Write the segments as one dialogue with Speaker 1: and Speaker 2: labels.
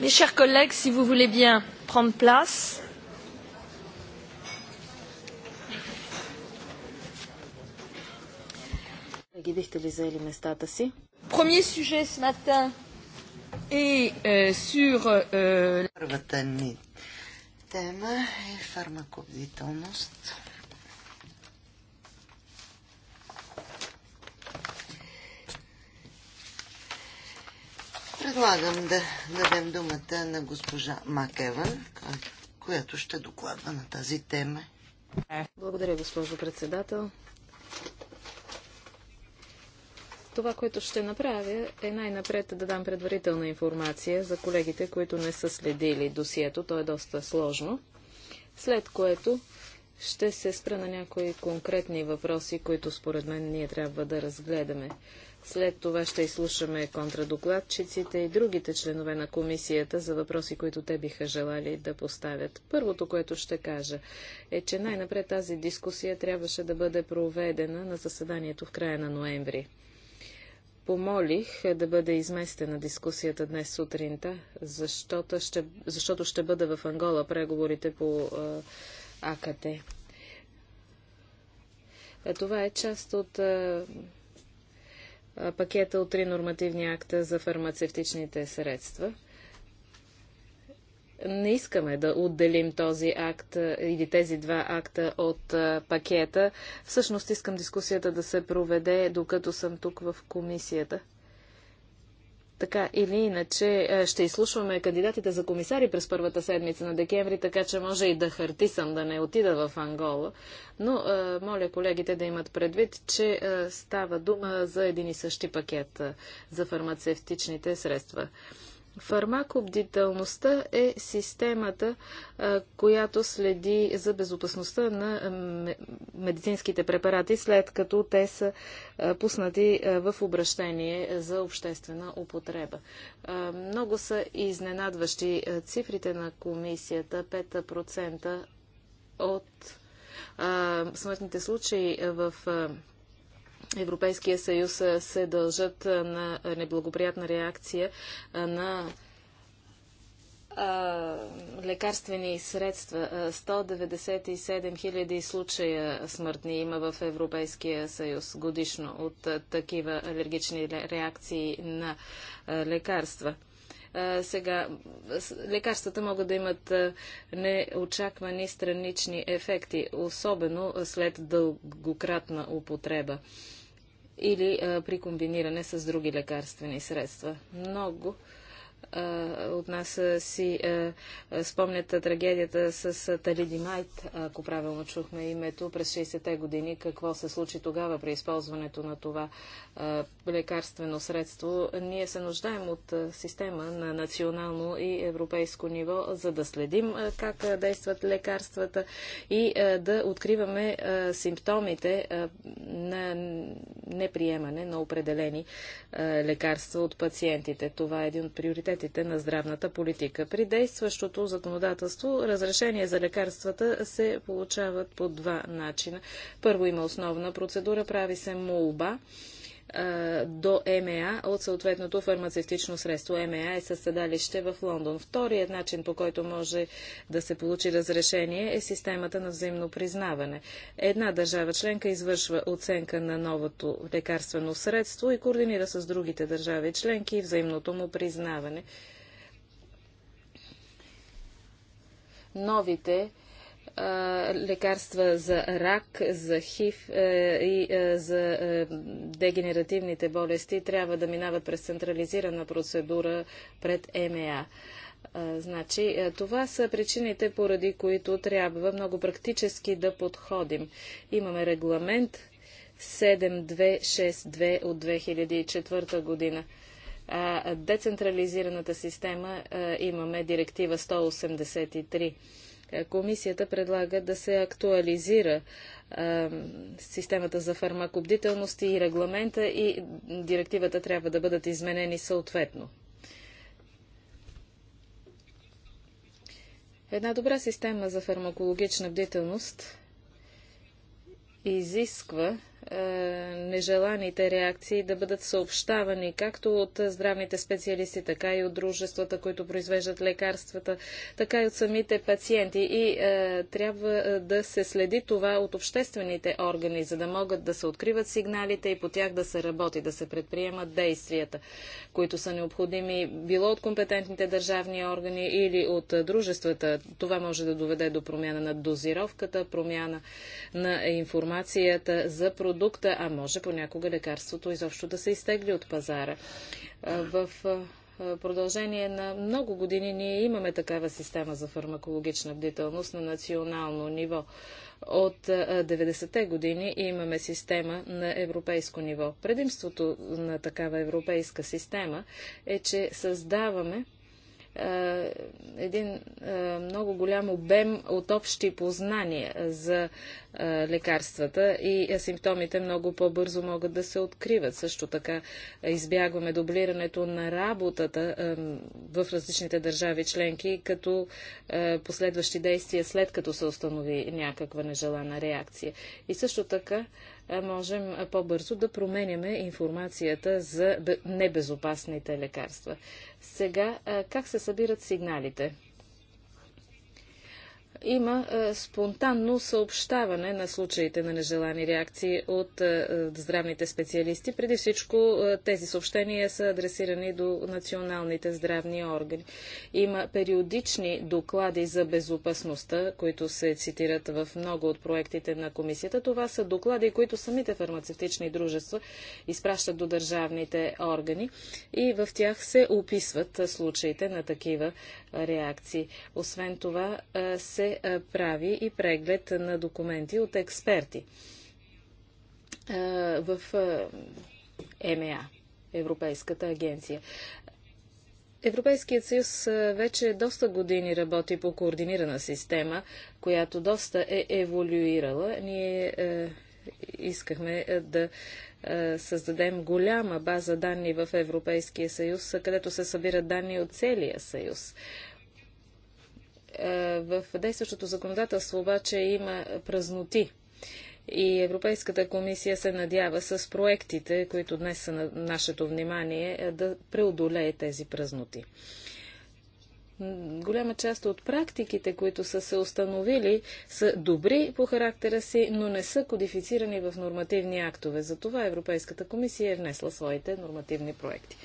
Speaker 1: Mes chers collègues, si vous voulez bien prendre place. Premier sujet ce matin est euh, sur
Speaker 2: euh, Първата тема е фармакобдителност. Предлагам да дадем думата на госпожа Макеван, която ще докладва на тази тема.
Speaker 1: Благодаря, госпожо председател. Това, което ще направя, е най-напред да дам предварителна информация за колегите, които не са следили досието. То е доста сложно. След което ще се спра на някои конкретни въпроси, които според мен ние трябва да разгледаме. След това ще изслушаме контрадокладчиците и другите членове на комисията за въпроси, които те биха желали да поставят. Първото, което ще кажа, е, че най-напред тази дискусия трябваше да бъде проведена на заседанието в края на ноември. Помолих е, да бъде изместена дискусията днес сутринта, защото ще, защото ще бъда в Ангола преговорите по АКТ. Е, това е част от пакета от три нормативни акта за фармацевтичните средства. Не искаме да отделим този акт или тези два акта от пакета. Всъщност искам дискусията да се проведе, докато съм тук в комисията. Така или иначе е, ще изслушваме кандидатите за комисари през първата седмица на декември, така че може и да хартисам, да не отида в Ангола. Но е, моля колегите да имат предвид, че е, става дума за един и същи пакет за фармацевтичните средства. Фармакобдителността е системата, която следи за безопасността на медицинските препарати, след като те са пуснати в обращение за обществена употреба. Много са изненадващи цифрите на комисията 5% от смъртните случаи в Европейския съюз се дължат на неблагоприятна реакция на лекарствени средства. 197 000 случая смъртни има в Европейския съюз годишно от такива алергични реакции на лекарства. Сега, лекарствата могат да имат неочаквани странични ефекти, особено след дългократна употреба или а, при комбиниране с други лекарствени средства. Много от нас си спомнят трагедията с Талиди Майт, ако правилно чухме името, през 60-те години. Какво се случи тогава при използването на това лекарствено средство? Ние се нуждаем от система на национално и европейско ниво, за да следим как действат лекарствата и да откриваме симптомите на неприемане на определени лекарства от пациентите. Това е един от приоритетите приоритетите на здравната политика. При действащото законодателство разрешение за лекарствата се получават по два начина. Първо има основна процедура, прави се молба до МА от съответното фармацевтично средство. МА е със седалище в Лондон. Вторият начин, по който може да се получи разрешение, е системата на взаимно признаване. Една държава членка извършва оценка на новото лекарствено средство и координира с другите държави членки и взаимното му признаване. Новите лекарства за рак, за хив е, и е, за е, дегенеративните болести трябва да минават през централизирана процедура пред МЕА. Значи, това са причините, поради които трябва много практически да подходим. Имаме регламент 7262 от 2004 година. А децентрализираната система имаме директива 183. Е, комисията предлага да се актуализира е, системата за фармакобдителност и регламента и директивата трябва да бъдат изменени съответно. Една добра система за фармакологична бдителност изисква е, нежеланите реакции да бъдат съобщавани както от здравните специалисти, така и от дружествата, които произвеждат лекарствата, така и от самите пациенти. И е, трябва е, да се следи това от обществените органи, за да могат да се откриват сигналите и по тях да се работи, да се предприемат действията, които са необходими било от компетентните държавни органи или от е, дружествата. Това може да доведе до промяна на дозировката, промяна на информацията за продукцията продукта, а може понякога лекарството изобщо да се изтегли от пазара. В продължение на много години ние имаме такава система за фармакологична бдителност на национално ниво. От 90-те години имаме система на европейско ниво. Предимството на такава европейска система е, че създаваме е, един е, много голям обем от общи познания за е, лекарствата и симптомите много по-бързо могат да се откриват. Също така избягваме дублирането на работата в различните държави членки, като последващи действия след като се установи някаква нежелана реакция. И също така можем по-бързо да променяме информацията за небезопасните лекарства. Сега, как се събират сигналите? има а, е, спонтанно съобщаване на случаите на нежелани реакции от а, е, здравните специалисти. Преди всичко а, е, тези съобщения са адресирани до националните здравни органи. Има периодични доклади за безопасността, които се цитират в много от проектите на комисията. Това са доклади, които самите фармацевтични дружества изпращат до държавните органи и в тях се описват случаите на такива реакции. Освен това се прави и преглед на документи от експерти в ЕМА, Европейската агенция. Европейският съюз вече доста години работи по координирана система, която доста е еволюирала. Ние искахме да създадем голяма база данни в Европейския съюз, където се събират данни от целия съюз. Е, в действащото законодателство обаче има празноти. И Европейската комисия се надява с проектите, които днес са на нашето внимание, е, да преодолее тези празноти. Голяма част от практиките, които са се установили, са добри по характера си, но не са кодифицирани в нормативни актове. Затова Европейската комисия е внесла своите нормативни проекти.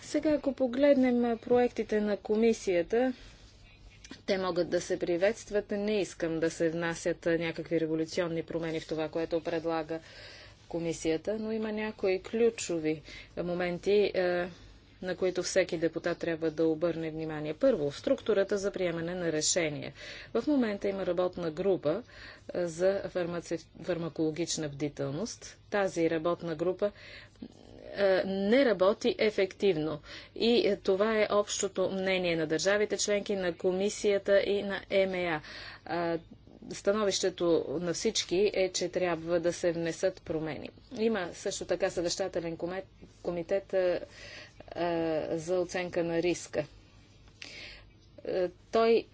Speaker 1: Сега, ако погледнем проектите на комисията, те могат да се приветстват. Не искам да се внасят някакви революционни промени в това, което предлага комисията, но има някои ключови моменти, на които всеки депутат трябва да обърне внимание. Първо, структурата за приемане на решение. В момента има работна група за фармаци... фармакологична бдителност. Тази работна група е, не работи ефективно. И е, това е общото мнение на държавите членки, на комисията и на ЕМЕА. Становището на всички е, че трябва да се внесат промени. Има също така съвещателен комитет е, за оценка на риска. Той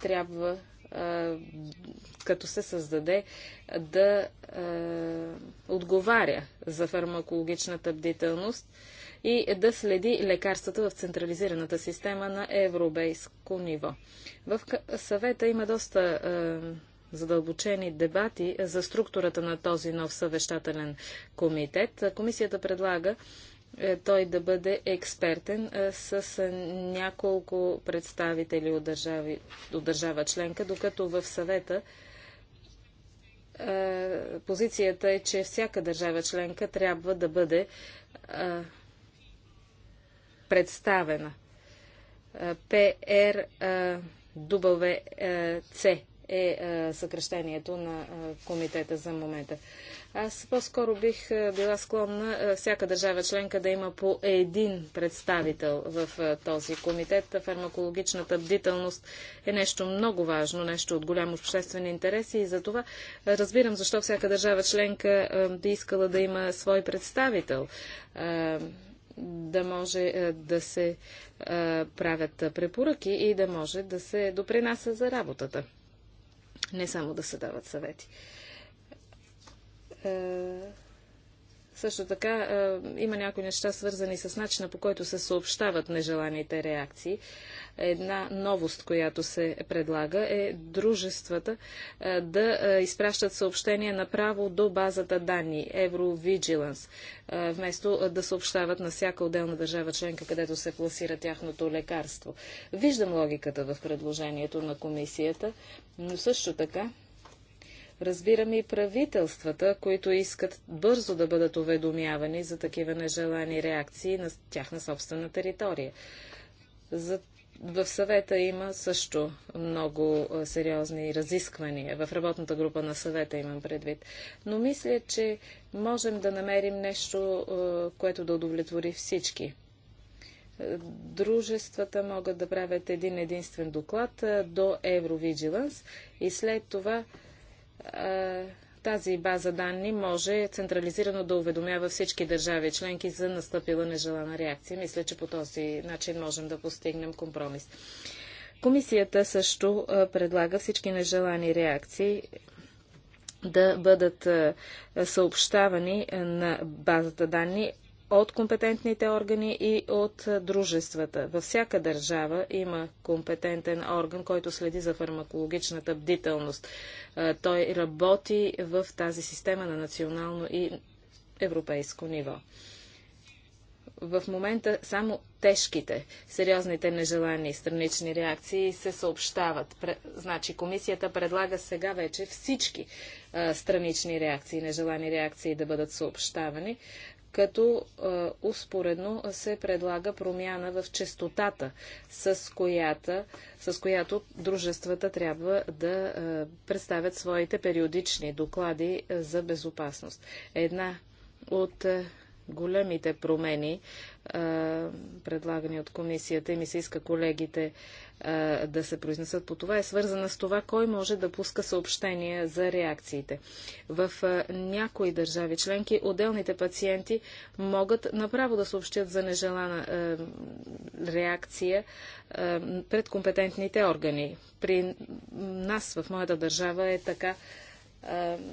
Speaker 1: трябва като се създаде, да отговаря за фармакологичната бдителност и да следи лекарствата в централизираната система на европейско ниво. В съвета има доста задълбочени дебати за структурата на този нов съвещателен комитет. Комисията предлага е, той да бъде експертен е, с е, няколко представители от, държави, от държава членка, докато в съвета позицията е, че всяка държава членка трябва да бъде представена. ПРВЦ е съкръщението на комитета за момента. Аз по-скоро бих била склонна всяка държава членка да има по един представител в този комитет. Фармакологичната бдителност е нещо много важно, нещо от голям обществен интерес и за това разбирам защо всяка държава членка би искала да има свой представител да може да се правят препоръки и да може да се допринася за работата. Не само да се дават съвети. Е, също така е, има някои неща свързани с начина по който се съобщават нежеланите реакции. Една новост, която се предлага е дружествата е, да е, изпращат съобщения направо до базата данни Eurovigilance, е, вместо е, да съобщават на всяка отделна държава членка, където се пласира тяхното лекарство. Виждам логиката в предложението на комисията, но също така Разбирам и правителствата, които искат бързо да бъдат уведомявани за такива нежелани реакции на тяхна собствена територия. За в съвета има също много сериозни разисквания. В работната група на съвета имам предвид. Но мисля, че можем да намерим нещо, което да удовлетвори всички. Дружествата могат да правят един единствен доклад до Евровиджиланс и след това тази база данни може централизирано да уведомява всички държави членки за настъпила нежелана реакция. Мисля, че по този начин можем да постигнем компромис. Комисията също предлага всички нежелани реакции да бъдат съобщавани на базата данни от компетентните органи и от дружествата. Във всяка държава има компетентен орган, който следи за фармакологичната бдителност. Той работи в тази система на национално и европейско ниво в момента само тежките, сериозните нежелани странични реакции се съобщават. Пре, значи комисията предлага сега вече всички а, странични реакции, нежелани реакции да бъдат съобщавани, като а, успоредно се предлага промяна в частотата, с, която, с която дружествата трябва да а, представят своите периодични доклади за безопасност. Една от големите промени, предлагани от комисията, и ми се иска колегите да се произнесат по това, е свързана с това, кой може да пуска съобщения за реакциите. В някои държави членки отделните пациенти могат направо да съобщят за нежелана реакция пред компетентните органи. При нас в моята държава е така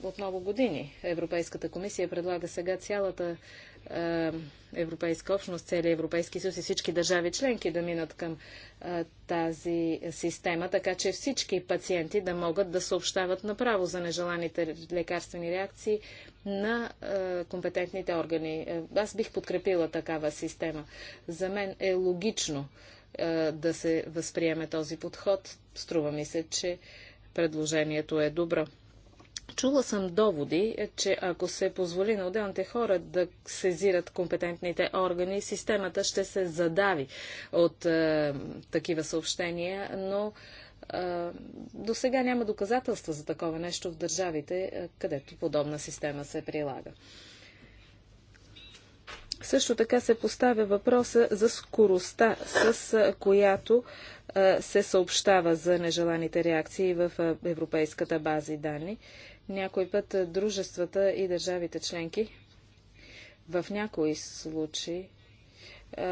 Speaker 1: от много години. Европейската комисия предлага сега цялата е, Европейска общност, целия Европейски съюз и всички държави членки да минат към а, тази система, така че всички пациенти да могат да съобщават направо за нежеланите лекарствени реакции на а, компетентните органи. Е, аз бих подкрепила такава система. За мен е логично а, да се възприеме този подход. Струва ми се, че предложението е добро. Чула съм доводи, е, че ако се позволи на отделните хора да сезират компетентните органи, системата ще се задави от е, такива съобщения, но е, до сега няма доказателства за такова нещо в държавите, е, където подобна система се прилага. Също така се поставя въпроса за скоростта, с е, която е, се съобщава за нежеланите реакции в Европейската база данни. Някой път дружествата и държавите членки в някои случаи е,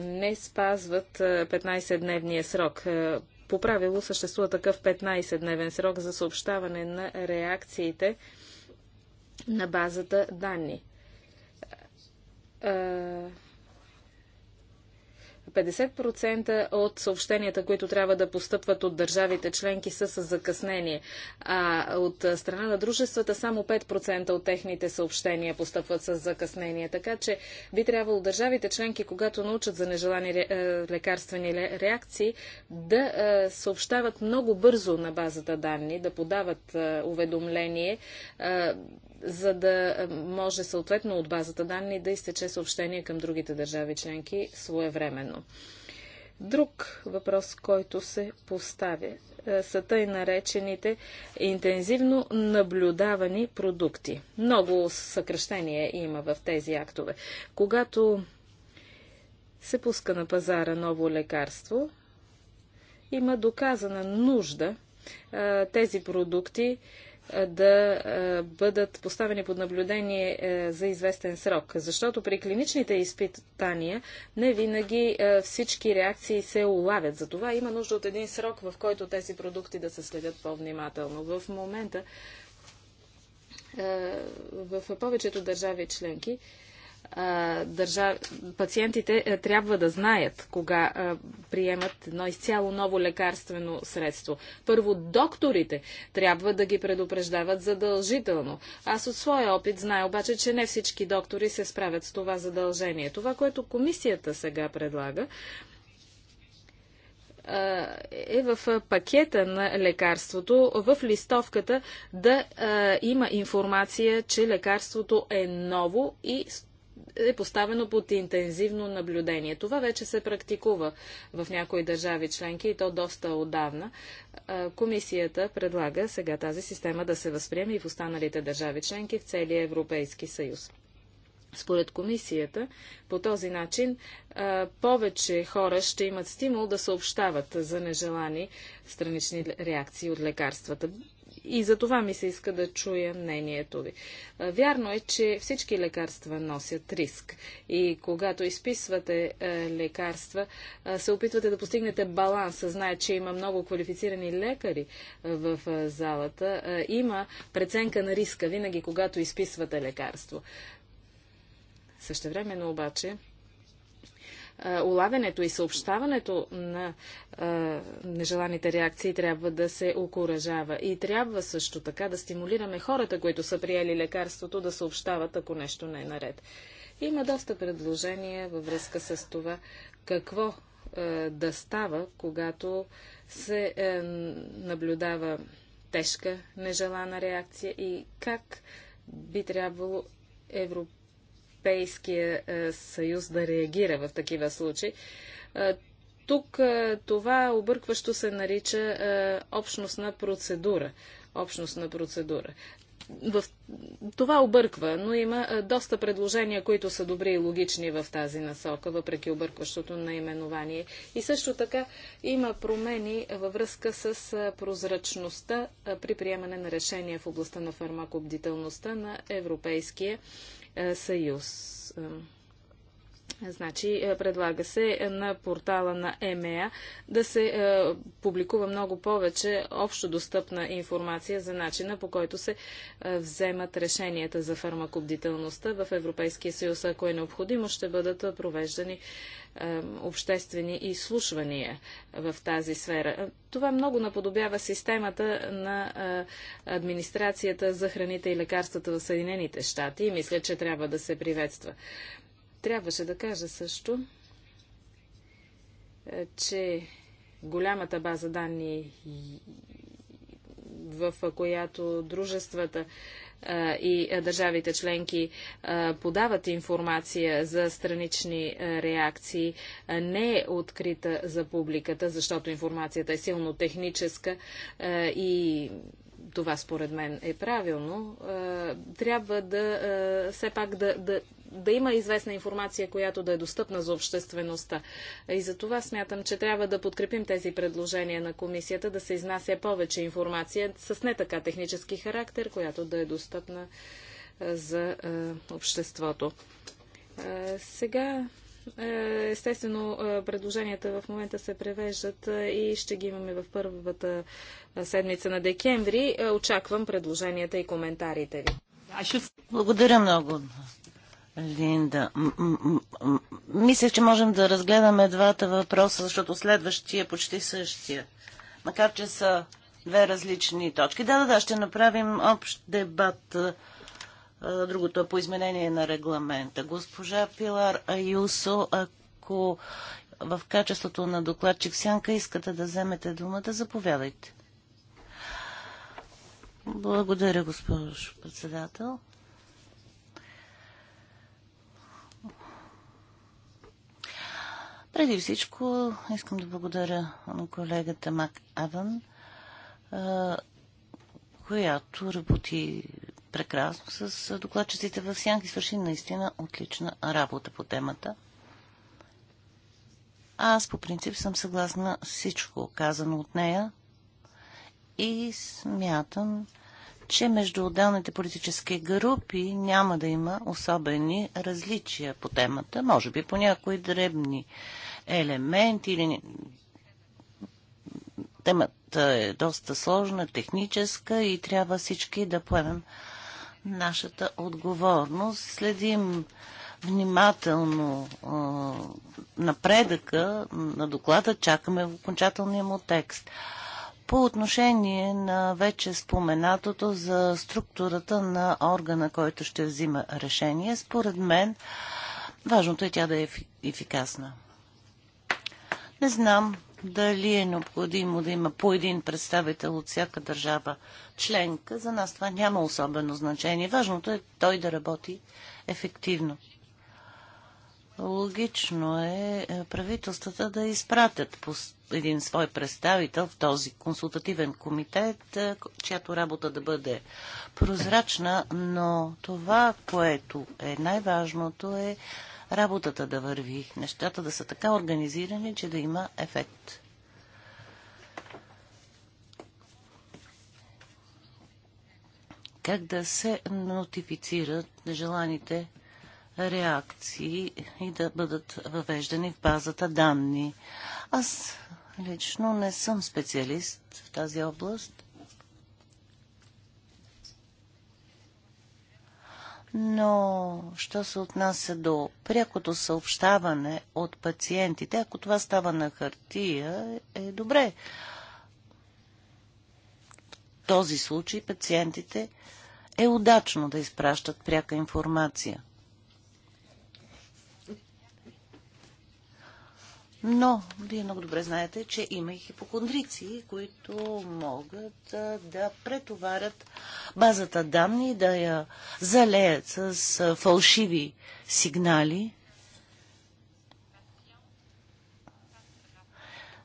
Speaker 1: не спазват 15-дневния е, срок. Е, по правило съществува такъв 15-дневен срок за съобщаване на реакциите на базата данни. 50% от съобщенията, които трябва да постъпват от държавите членки са с закъснение, а от страна на дружествата само 5% от техните съобщения постъпват с закъснение. Така че би трябвало държавите членки, когато научат за нежелани е, лекарствени реакции, да е, съобщават много бързо на базата данни, да подават е, уведомление за да може съответно от базата данни да изтече съобщение към другите държави членки своевременно. Друг въпрос, който се поставя, е, са тъй наречените интензивно наблюдавани продукти. Много съкръщение има в тези актове. Когато се пуска на пазара ново лекарство, има доказана нужда е, тези продукти да бъдат поставени под наблюдение е, за известен срок, защото при клиничните изпитания не винаги е, всички реакции се улавят. Затова има нужда от един срок, в който тези продукти да се следят по-внимателно. В момента е, в повечето държави членки държав... пациентите е, трябва да знаят, кога приемат едно изцяло ново лекарствено средство. Първо, докторите трябва да ги предупреждават задължително. Аз от своя опит знае обаче, че не всички доктори се справят с това задължение. Това, което комисията сега предлага, е в пакета на лекарството, в листовката да има информация, че лекарството е ново и с е поставено под интензивно наблюдение. Това вече се практикува в някои държави членки и то доста отдавна. Комисията предлага сега тази система да се възприеме и в останалите държави членки в целия Европейски съюз. Според комисията, по този начин повече хора ще имат стимул да съобщават за нежелани странични реакции от лекарствата. И за това ми се иска да чуя мнението ви. Вярно е, че всички лекарства носят риск. И когато изписвате лекарства, се опитвате да постигнете баланс. Знае, че има много квалифицирани лекари в залата. Има преценка на риска винаги, когато изписвате лекарство. Същевременно обаче, е, улавянето и съобщаването на е, нежеланите реакции трябва да се окоръжава. И трябва също така да стимулираме хората, които са приели лекарството, да съобщават, ако нещо не е наред. Има доста предложения във връзка с това какво е, да става, когато се наблюдава тежка нежелана реакция и как би трябвало Европа Европейския е, съюз да реагира в такива случаи. Е, тук е, това объркващо се нарича общностна процедура. Общностна процедура. В... Това обърква, но има доста предложения, които са добри и логични в тази насока, въпреки объркващото наименование. И също така има промени във връзка с прозрачността при приемане на решения в областта на фармакобдителността на Европейския е, съюз. Значи, е, предлага се е, на портала на ЕМЕА да се е, публикува много повече общо достъпна информация за начина по който се е, вземат решенията за фармакобдителността в Европейския съюз. Ако е необходимо, ще бъдат е, провеждани е, обществени изслушвания в тази сфера. Това много наподобява системата на администрацията за храните и лекарствата в Съединените щати и мисля, че трябва да се приветства. Трябваше да кажа също, е, че голямата база данни, в която дружествата е, и е, държавите членки подават информация за странични реакции, не е открита за публиката, защото информацията е силно техническа и това според мен е правилно. Трябва да все пак да, да да има известна информация, която да е достъпна за обществеността. И за това смятам, че трябва да подкрепим тези предложения на комисията, да се изнася повече информация с не така технически характер, която да е достъпна за обществото. Сега Естествено, предложенията в момента се превеждат и ще ги имаме в първата седмица на декември. Очаквам предложенията и коментарите ви.
Speaker 3: Благодаря много. Линда, мисля, че можем да разгледаме двата въпроса, защото следващия е почти същия. Макар, че са две различни точки. Да, да, да, ще направим общ дебат. Другото е по изменение на регламента. Госпожа Пилар Аюсо, ако в качеството на докладчик Сянка искате да вземете думата, заповядайте. Благодаря, госпожо председател. Преди всичко искам да благодаря на колегата Мак Аван, която работи прекрасно с докладчиците в Сянки. Свърши наистина отлична работа по темата. Аз по принцип съм съгласна с всичко казано от нея и смятам, че между отделните политически групи няма да има особени различия по темата, може би по някои дребни елемент или темата е доста сложна, техническа и трябва всички да поемем нашата отговорност. Следим внимателно напредъка на доклада, чакаме в окончателния му текст. По отношение на вече споменатото за структурата на органа, който ще взима решение, според мен важното е тя да е ефикасна. Не знам дали е необходимо да има по един представител от всяка държава членка. За нас това няма особено значение. Важното е той да работи ефективно. Логично е, е правителствата да изпратят един свой представител в този консултативен комитет, е, чиято работа да бъде прозрачна, но това, което е най-важното е работата да върви, нещата да са така организирани, че да има ефект. Как да се нотифицират нежеланите реакции и да бъдат въвеждани в базата данни. Аз лично не съм специалист в тази област, но що се отнася до прякото съобщаване от пациентите, ако това става на хартия, е добре. В този случай пациентите е удачно да изпращат пряка информация – Но вие много добре знаете, че има и хипохондрици, които могат да претоварят базата данни, да я залеят с фалшиви сигнали.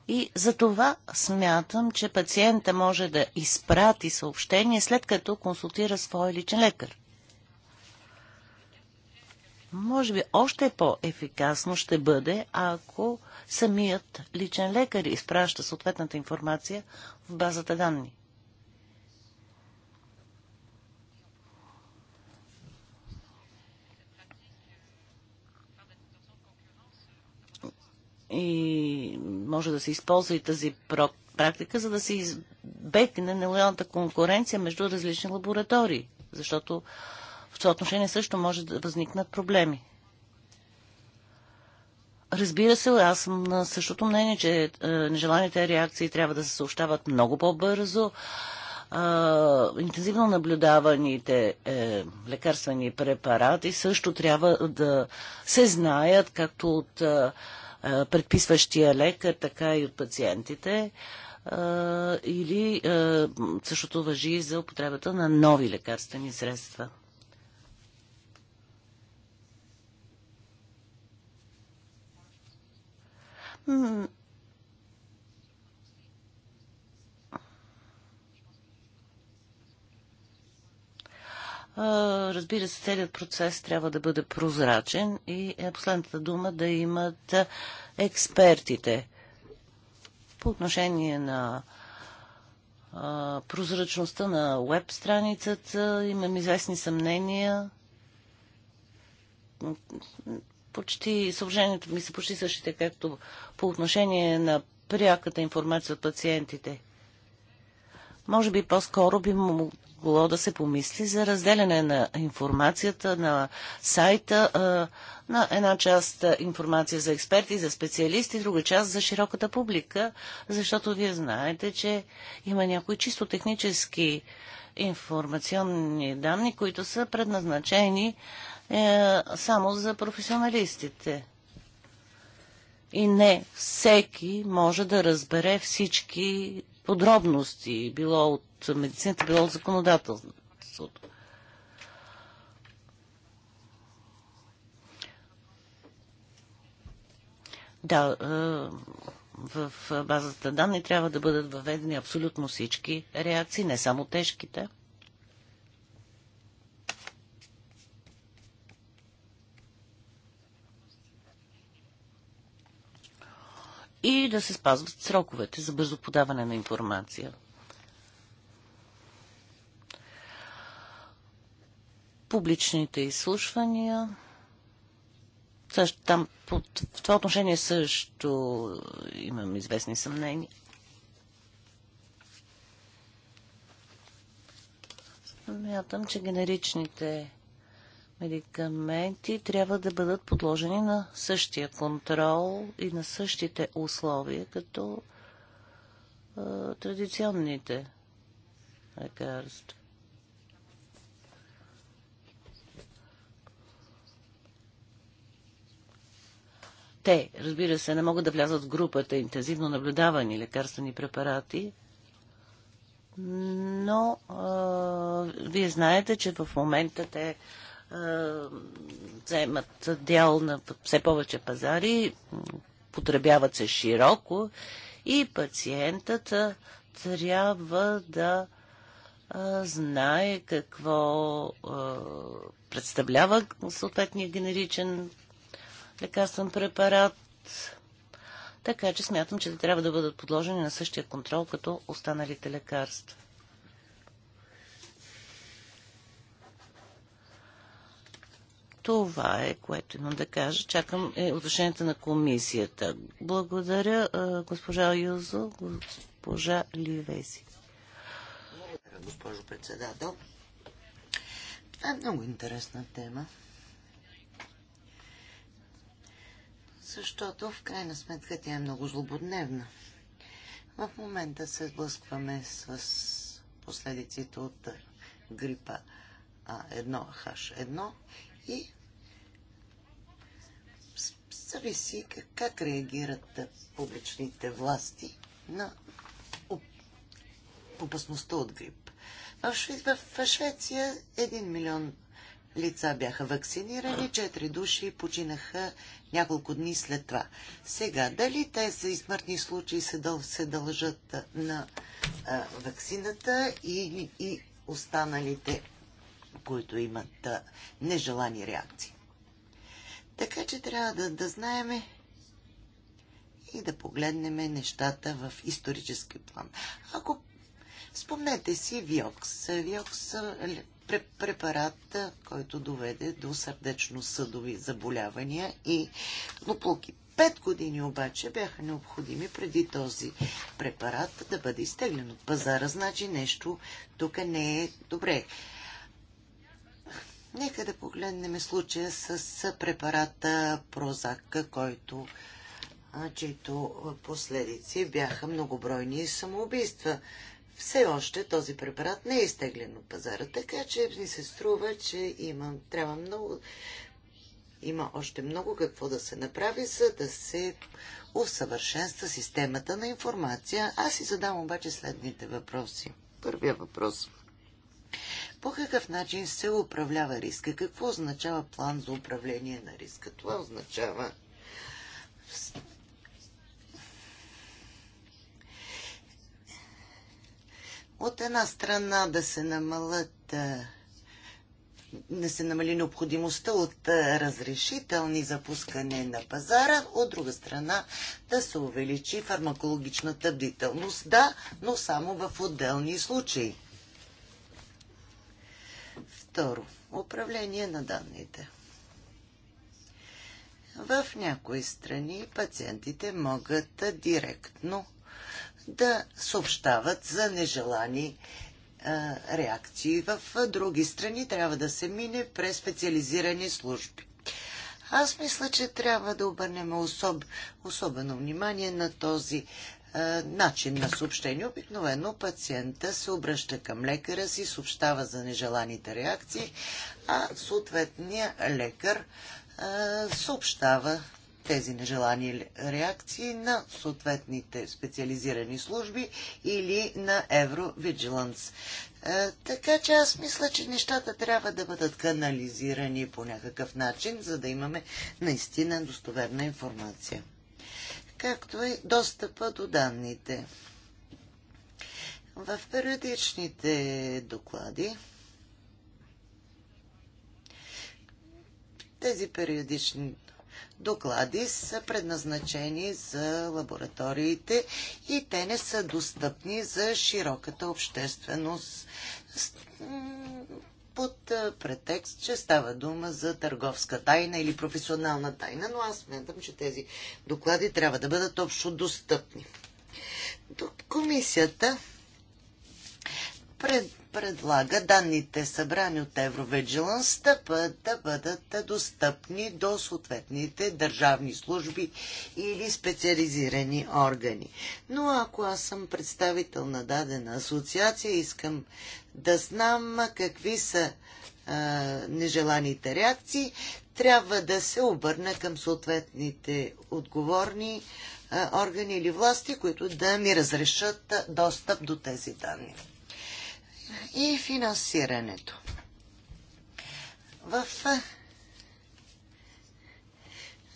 Speaker 3: И за това смятам, че пациента може да изпрати съобщение, след като консултира своя личен лекар. Може би още по-ефикасно ще бъде, ако самият личен лекар изпраща съответната информация в базата данни. и може да се използва и тази практика, за да се избегне нелоялната конкуренция между различни лаборатории. Защото в това отношение също може да възникнат проблеми. Разбира се, аз съм на същото мнение, че е, нежеланите реакции трябва да се съобщават много по-бързо. Е, интензивно наблюдаваните е, лекарствени препарати също трябва да се знаят както от е, е предписващия лекар, така и от пациентите. Е, или е, същото въжи и за употребата на нови лекарствени средства. Разбира се, целият процес трябва да бъде прозрачен и е последната дума да имат експертите. По отношение на прозрачността на веб страницата имам известни съмнения. Почти съображението ми са почти същите, както по отношение на пряката информация от пациентите. Може би по-скоро би могло да се помисли за разделяне на информацията на сайта, на една част информация за експерти, за специалисти, друга част за широката публика, защото вие знаете, че има някои чисто технически информационни данни, които са предназначени е само за професионалистите. И не всеки може да разбере всички подробности, било от медицината, било от законодателството. Да, е, в базата данни трябва да бъдат въведени абсолютно всички реакции, не само тежките. и да се спазват сроковете за бързо подаване на информация. Публичните изслушвания. Също, там, в това отношение също имам известни съмнения. Смятам, че генеричните медикаменти трябва да бъдат подложени на същия контрол и на същите условия, като а, традиционните лекарства. Те, разбира се, не могат да влязат в групата интензивно наблюдавани лекарствени препарати, но а, вие знаете, че в момента те вземат дял на все повече пазари, потребяват се широко и пациентът трябва да знае какво представлява съответния генеричен лекарствен препарат. Така че смятам, че трябва да бъдат подложени на същия контрол като останалите лекарства. Това е, което имам да кажа. Чакам е, отношенията на комисията. Благодаря, е, госпожа Юзо, госпожа Ливеси.
Speaker 2: Благодаря, госпожо председател. Това е много интересна тема. Защото в крайна сметка тя е много злободневна. В момента се сблъскваме с последиците от грипа А1H1 и зависи как, как реагират публичните власти на опасността от грип. В, Шве... в Швеция 1 милион лица бяха вакцинирани, 4 души починаха няколко дни след това. Сега, дали тези смъртни случаи се, дъл... се дължат на а, вакцината и, и останалите които имат нежелани реакции. Така че трябва да, да знаеме и да погледнем нещата в исторически план. Ако спомнете си Виокс. Виокс е препарат, който доведе до сърдечно-съдови заболявания и луплуки. Пет години обаче бяха необходими преди този препарат да бъде изтеглен от пазара. Значи нещо тук не е добре. Нека да погледнем случая с препарата Прозак, който чието последици бяха многобройни самоубийства. Все още този препарат не е изтеглен от пазара, така че ми се струва, че има, трябва много, има още много какво да се направи, за да се усъвършенства системата на информация. Аз си задам обаче следните въпроси. Първия въпрос – по какъв начин се управлява риска? Какво означава план за управление на риска? Това означава от една страна да се намалят да се намали необходимостта от разрешителни запускане на пазара, от друга страна да се увеличи фармакологичната бдителност. Да, но само в отделни случаи. Второ, управление на данните. В някои страни пациентите могат директно да съобщават за нежелани реакции. В други страни трябва да се мине през специализирани служби. Аз мисля, че трябва да обърнем особ, особено внимание на този е, начин на съобщение. Обикновено пациента се обръща към лекара си, съобщава за нежеланите реакции, а съответния лекар е, съобщава тези нежелани реакции на съответните специализирани служби или на Евровигиланс. Е, така че аз мисля, че нещата трябва да бъдат канализирани по някакъв начин, за да имаме наистина достоверна информация както и достъпа до данните. В периодичните доклади тези периодични доклади са предназначени за лабораториите и те не са достъпни за широката общественост под претекст, че става дума за търговска тайна или професионална тайна, но аз смятам, че тези доклади трябва да бъдат общо достъпни. Тук комисията пред, предлага данните събрани от Евровиджеланс да, да бъдат достъпни до съответните държавни служби или специализирани органи. Но ако аз съм представител на дадена асоциация, искам да знам какви са а, нежеланите реакции, трябва да се обърна към съответните отговорни органи или власти, които да ми разрешат достъп до тези данни и финансирането. В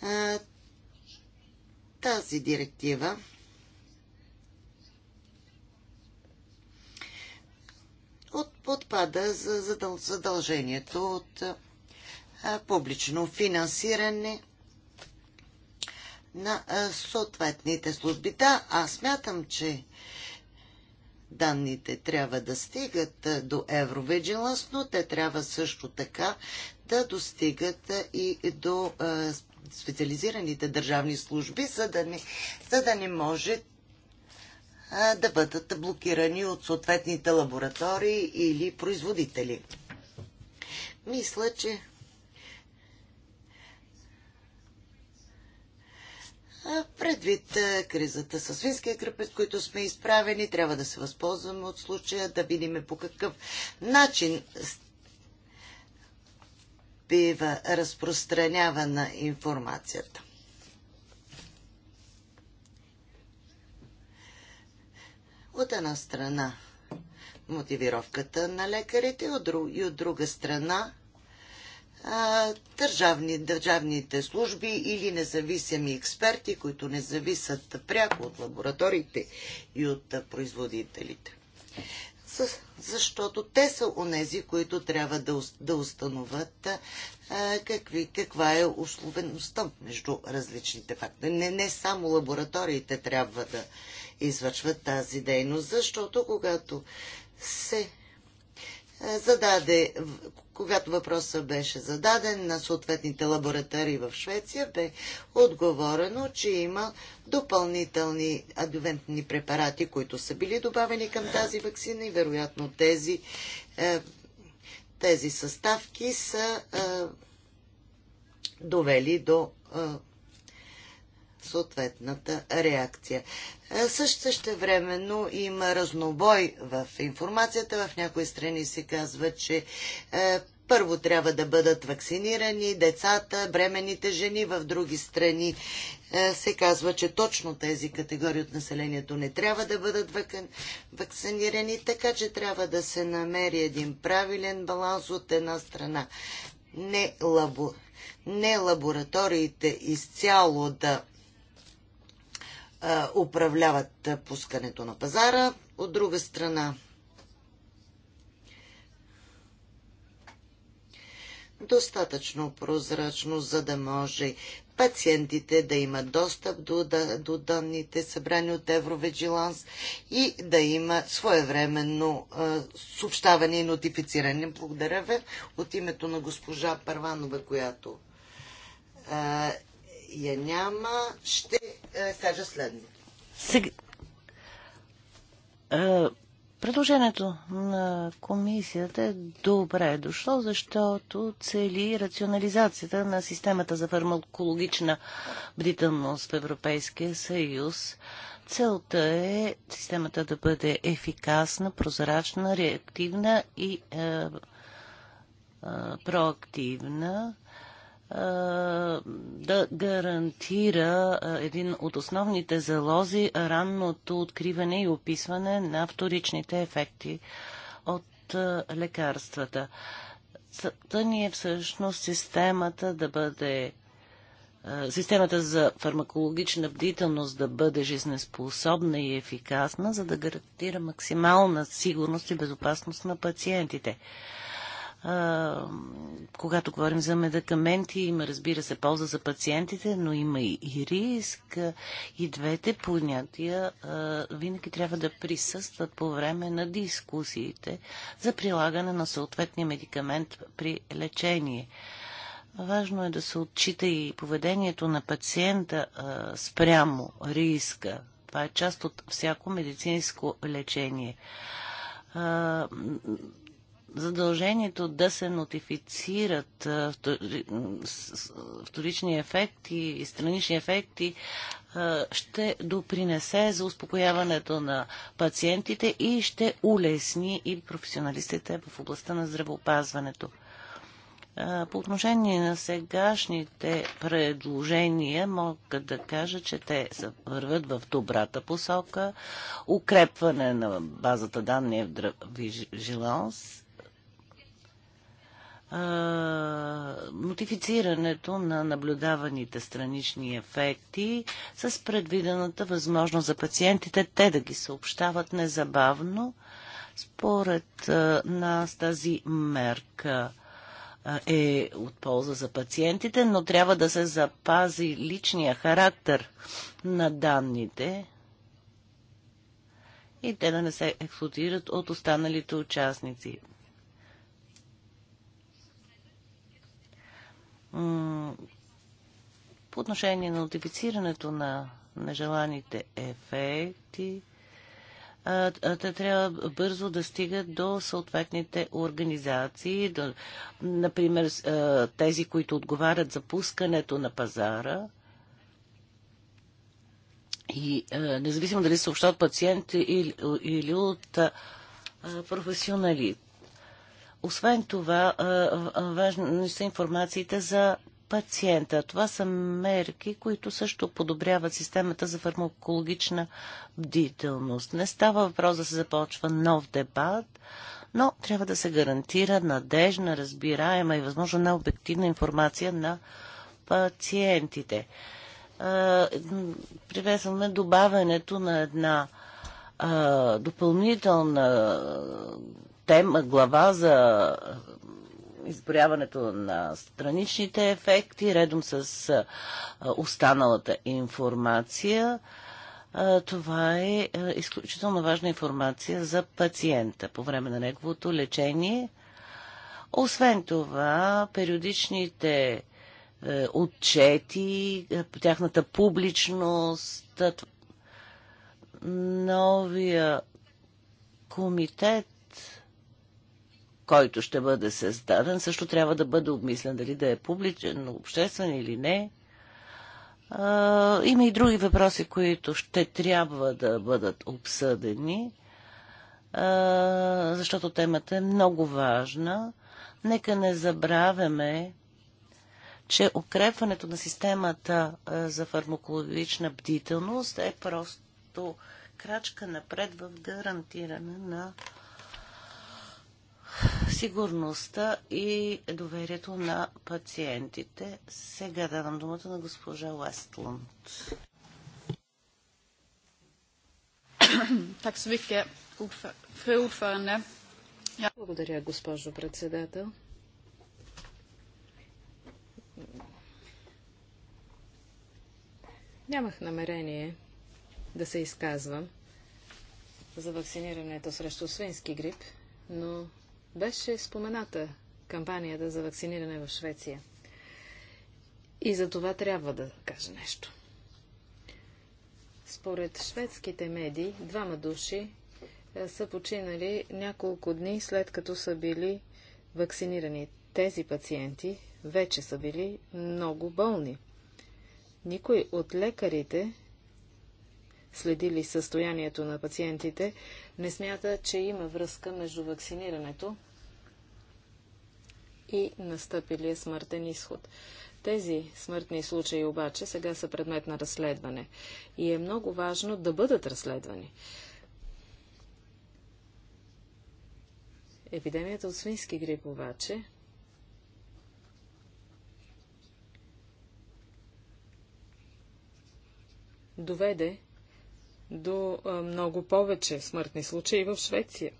Speaker 2: а, тази директива от, отпада за задъл, задължението от а, публично финансиране на а, съответните служби. Да, аз смятам, че данните трябва да стигат до Евровиджиланс, но те трябва също така да достигат и до специализираните държавни служби, за да не, за да не може да бъдат блокирани от съответните лаборатории или производители. Мисля, че Предвид кризата с свинския с които сме изправени, трябва да се възползваме от случая, да видим по какъв начин бива разпространявана информацията. От една страна мотивировката на лекарите и от друга страна държавни, държавните служби или независими експерти, които не зависят пряко от лабораториите и от производителите. защото те са онези, които трябва да, да установят какви, каква е условеността между различните фактори. Не, не само лабораториите трябва да извършват тази дейност, защото когато се е, зададе, когато въпросът беше зададен на съответните лаборатории в Швеция, бе отговорено, че има допълнителни адювентни препарати, които са били добавени към тази вакцина и вероятно тези, е, тези съставки са е, довели до съответната реакция. Е, Също времено има разнобой в информацията. В някои страни се казва, че е, първо трябва да бъдат вакцинирани децата, бременните жени. В други страни е, се казва, че точно тези категории от населението не трябва да бъдат вакцинирани, така че трябва да се намери един правилен баланс от една страна. Не, лабо... не лабораториите изцяло да управляват пускането на пазара. От друга страна, достатъчно прозрачно, за да може пациентите да имат достъп до, да, до данните събрани от Евроведжиланс и да има своевременно а, съобщаване и нотифициране. Благодаря ви от името на госпожа Парванова, която а, я няма, ще е, кажа следно.
Speaker 3: Сега... Е, предложението на комисията е добре е дошло, защото цели рационализацията на системата за фармакологична бдителност в Европейския съюз. Целта е системата да бъде ефикасна, прозрачна, реактивна и е, е, проактивна да гарантира един от основните залози ранното откриване и описване на вторичните ефекти от лекарствата. Целта ни е всъщност системата да бъде системата за фармакологична бдителност да бъде жизнеспособна и ефикасна, за да гарантира максимална сигурност и безопасност на пациентите. А, когато говорим за медикаменти, има, разбира се, полза за пациентите, но има и, и риск. И двете понятия а, винаги трябва да присъстват по време на дискусиите за прилагане на съответния медикамент при лечение. Важно е да се отчита и поведението на пациента а, спрямо риска. Това е част от всяко медицинско лечение. А, задължението да се нотифицират вторични ефекти и странични ефекти ще допринесе за успокояването на пациентите и ще улесни и професионалистите в областта на здравеопазването. По отношение на сегашните предложения, мога да кажа, че те се върват в добрата посока. Укрепване на базата данни е в Вижиланс нотифицирането на наблюдаваните странични ефекти с предвидената възможност за пациентите те да ги съобщават незабавно. Според нас тази мерка е от полза за пациентите, но трябва да се запази личния характер на данните и те да не се експлуатират от останалите участници. по отношение на нотифицирането на нежеланите ефекти, те трябва бързо да стигат до съответните организации, до, например тези, които отговарят за пускането на пазара. И независимо дали се общат пациенти или, или от професионали. Освен това, важни са информациите за пациента. Това са мерки, които също подобряват системата за фармакологична бдителност. Не става въпрос да се започва нов дебат, но трябва да се гарантира надежна, разбираема и възможно най-обективна информация на пациентите. Приветстваме добавянето на една допълнителна тема, глава за изборяването на страничните ефекти, редом с останалата информация. Това е изключително важна информация за пациента по време на неговото лечение. Освен това, периодичните е, отчети, е, тяхната публичност, е, новия комитет който ще бъде създаден, също трябва да бъде обмислен дали да е публичен, обществен или не. има и други въпроси, които ще трябва да бъдат обсъдени, защото темата е много важна. Нека не забравяме, че укрепването на системата за фармакологична бдителност е просто крачка напред в гарантиране на сигурността и доверието на пациентите. Сега давам думата на госпожа Уестланд.
Speaker 1: Благодаря, госпожо председател. Нямах намерение да се изказвам за вакцинирането срещу свински грип, но беше спомената кампанията за вакциниране в Швеция. И за това трябва да кажа нещо. Според шведските медии, двама души е, са починали няколко дни след като са били вакцинирани. Тези пациенти вече са били много болни. Никой от лекарите следили състоянието на пациентите, не смята, че има връзка между вакцинирането и настъпилия смъртен изход. Тези смъртни случаи обаче сега са предмет на разследване и е много важно да бъдат разследвани. Епидемията от свински грип обаче доведе до много повече смъртни случаи в Швеция.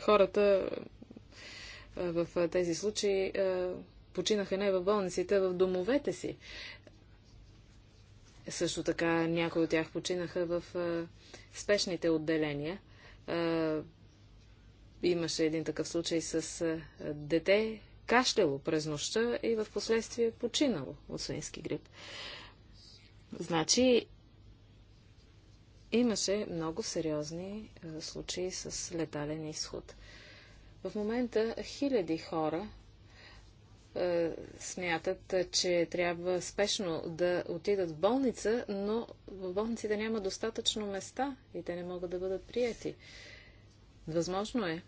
Speaker 1: Хората в тези случаи починаха не в болниците, а в домовете си. Също така някои от тях починаха в спешните отделения. Имаше един такъв случай с дете, кашляло през нощта и в последствие починало от свински грип. Значи, Имаше много сериозни е, случаи с летален изход. В момента хиляди хора е, смятат, че трябва спешно да отидат в болница, но в болниците няма достатъчно места и те не могат да бъдат прияти. Възможно е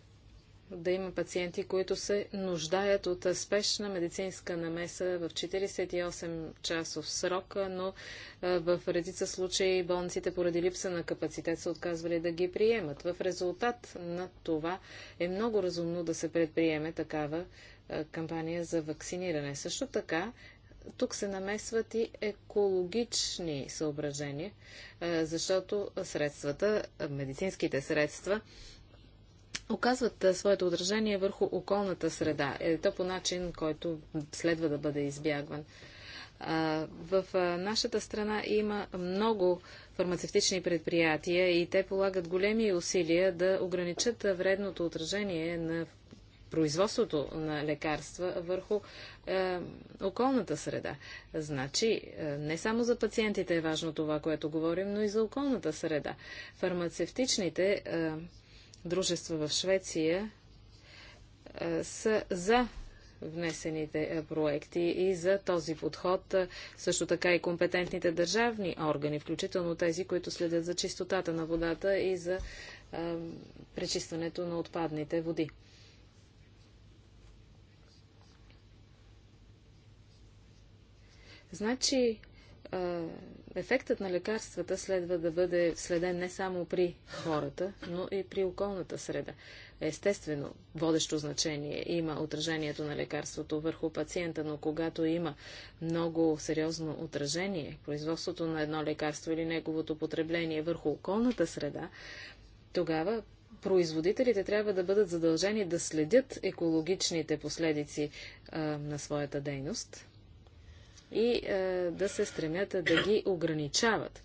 Speaker 1: да има пациенти, които се нуждаят от спешна медицинска намеса в 48 часов срок, но в редица случаи болниците поради липса на капацитет са отказвали да ги приемат. В резултат на това е много разумно да се предприеме такава кампания за вакциниране. Също така тук се намесват и екологични съображения, защото средствата, медицинските средства, оказват своето отражение върху околната среда. Е то по начин, който следва да бъде избягван. В нашата страна има много фармацевтични предприятия и те полагат големи усилия да ограничат вредното отражение на производството на лекарства върху е, околната среда. Значи, е, не само за пациентите е важно това, което говорим, но и за околната среда. Фармацевтичните е, дружества в Швеция е, са за внесените е, проекти и за този подход е, също така и компетентните държавни органи, включително тези, които следят за чистотата на водата и за пречистването на отпадните води. Значи, Ефектът на лекарствата следва да бъде следен не само при хората, но и при околната среда. Естествено, водещо значение има отражението на лекарството върху пациента, но когато има много сериозно отражение, производството на едно лекарство или неговото потребление върху околната среда, тогава производителите трябва да бъдат задължени да следят екологичните последици а, на своята дейност и е, да се стремят да ги ограничават.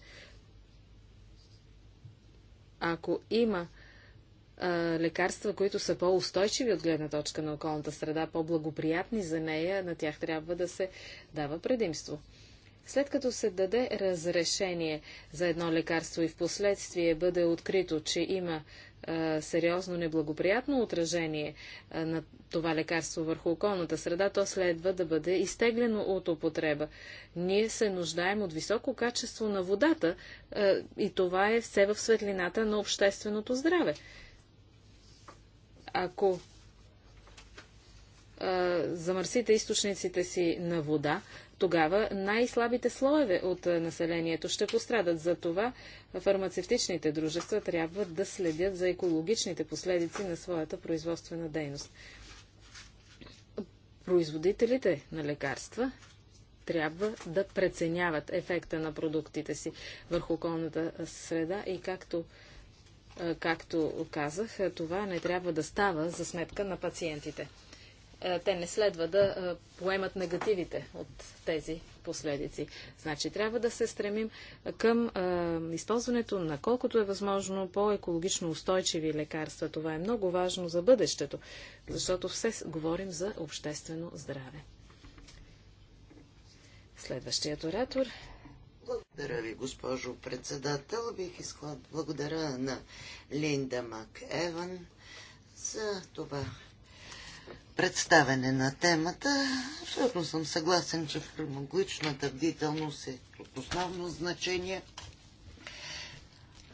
Speaker 1: Ако има е, лекарства, които са по-устойчиви от гледна точка на околната среда, по-благоприятни за нея, на тях трябва да се дава предимство. След като се даде разрешение за едно лекарство и в последствие бъде открито, че има а, сериозно неблагоприятно отражение а, на това лекарство върху околната среда, то следва да бъде изтеглено от употреба. Ние се нуждаем от високо качество на водата а, и това е все в светлината на общественото здраве. Ако замърсите източниците си на вода, тогава най-слабите слоеве от населението ще пострадат. Затова фармацевтичните дружества трябва да следят за екологичните последици на своята производствена дейност. Производителите на лекарства трябва да преценяват ефекта на продуктите си върху околната среда и както, както казах, това не трябва да става за сметка на пациентите. Е, те не следва да е, поемат негативите от тези последици. Значи трябва да се стремим към а, е, използването на колкото е възможно по-екологично устойчиви лекарства. Това е много важно за бъдещето, защото все говорим за обществено здраве. Следващият оратор.
Speaker 2: Благодаря ви, госпожо председател. Бих искала благодаря на Линда Мак Еван за това, представене на темата. Абсолютно съм съгласен, че фармакологичната бдителност е от основно значение.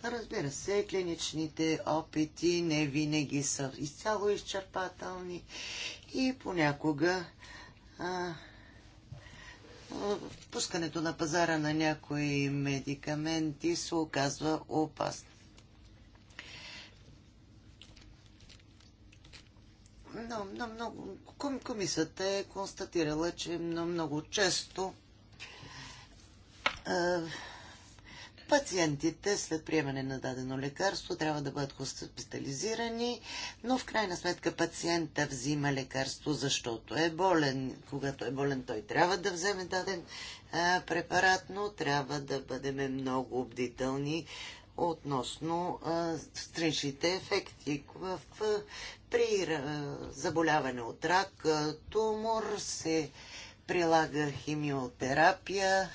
Speaker 2: Разбира се, клиничните опити не винаги са изцяло изчерпателни и понякога а, пускането на пазара на някои медикаменти се оказва опасно. много, много, много комисията е констатирала, че много, много често а, пациентите след приемане на дадено лекарство трябва да бъдат хоспитализирани, но в крайна сметка пациента взима лекарство, защото е болен. Когато е болен, той трябва да вземе даден а, препарат, но трябва да бъдем много обдителни относно а, страничните ефекти. В а, при заболяване от рак, тумор се прилага химиотерапия.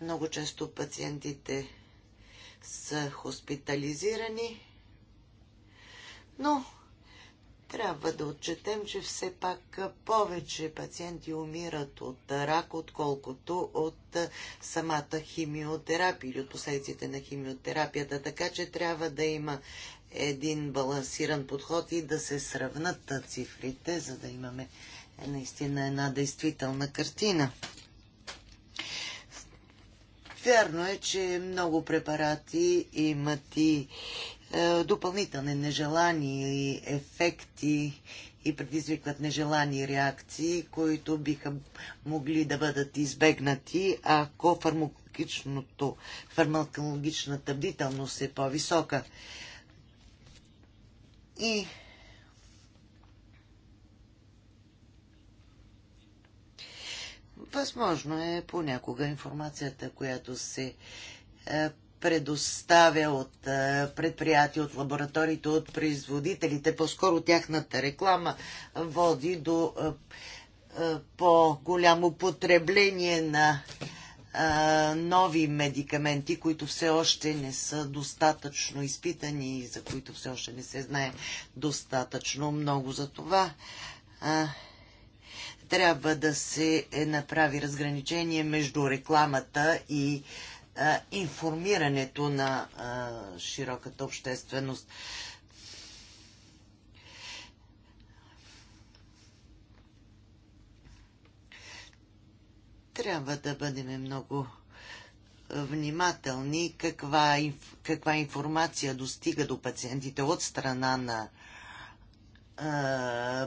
Speaker 2: Много често пациентите са хоспитализирани. Но трябва да отчетем, че все пак повече пациенти умират от рак, отколкото от самата химиотерапия или от последиците на химиотерапията. Така че трябва да има един балансиран подход и да се сравнат цифрите, за да имаме наистина една действителна картина. Вярно е, че много препарати имат и е, допълнителни нежелани ефекти и предизвикват нежелани реакции, които биха могли да бъдат избегнати, ако фармакологичната бдителност е по-висока. И Възможно е понякога информацията, която се е, предоставя от е, предприятия, от лабораториите, от производителите, по-скоро тяхната реклама води до е, по-голямо потребление на а, нови медикаменти, които все още не са достатъчно изпитани и за които все още не се знае достатъчно много за това. А, трябва да се е, направи разграничение между рекламата и а, информирането на а, широката общественост. А, трябва да бъдем много е, внимателни каква, каква информация достига до пациентите от страна на е,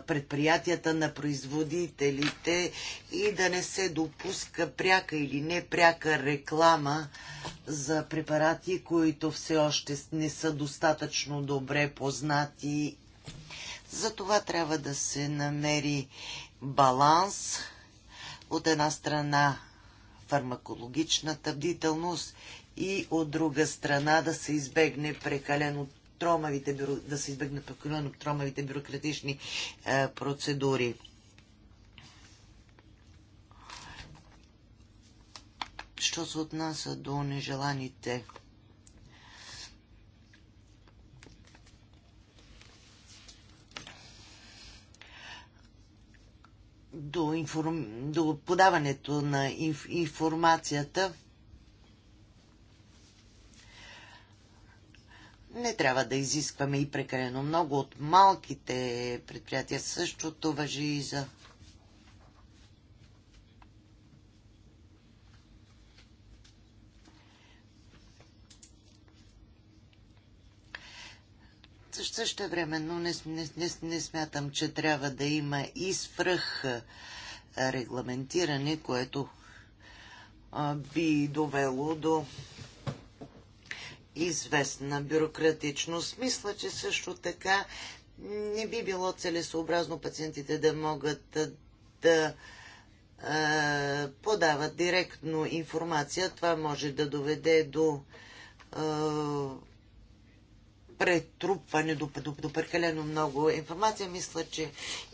Speaker 2: предприятията на производителите и да не се допуска пряка или непряка реклама за препарати, които все още не са достатъчно добре познати. За това трябва да се намери баланс от една страна фармакологичната бдителност и от друга страна да се избегне прекалено тромавите, да се избегне прекалено тромавите бюрократични е, процедури. Що се отнася до нежеланите до, информ... до подаването на инф... информацията не трябва да изискваме и прекалено много от малките предприятия. Същото въжи и за Също но не, не, не, не смятам, че трябва да има и свръх регламентиране, което а, би довело до известна бюрократичност. Мисля, че също така не би било целесообразно пациентите да могат да а, подават директно информация. Това може да доведе до а, претрупване до, до, до прекалено много информация. Мисля, че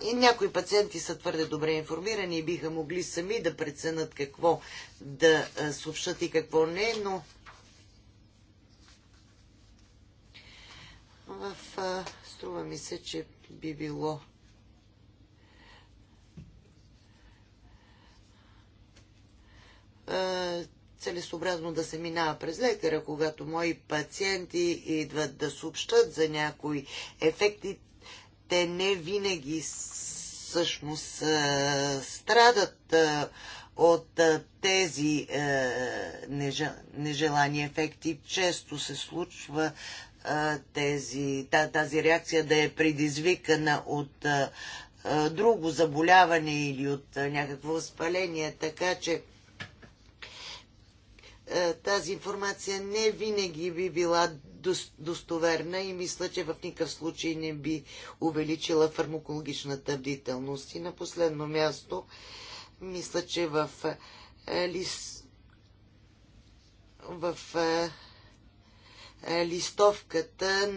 Speaker 2: и някои пациенти са твърде добре информирани и биха могли сами да преценят какво да съобщат и какво не, но в, а, струва ми се, че би било а, целесообразно да се минава през лекара, когато мои пациенти идват да съобщат за някои ефекти, те не винаги всъщност страдат от тези нежелани ефекти. Често се случва тези, тази реакция да е предизвикана от друго заболяване или от някакво възпаление, така че е, тази информация не винаги би била достоверна и мисля, че в никакъв случай не би увеличила фармакологичната бдителност. И на последно място, мисля, че в е, лис... в е, листовката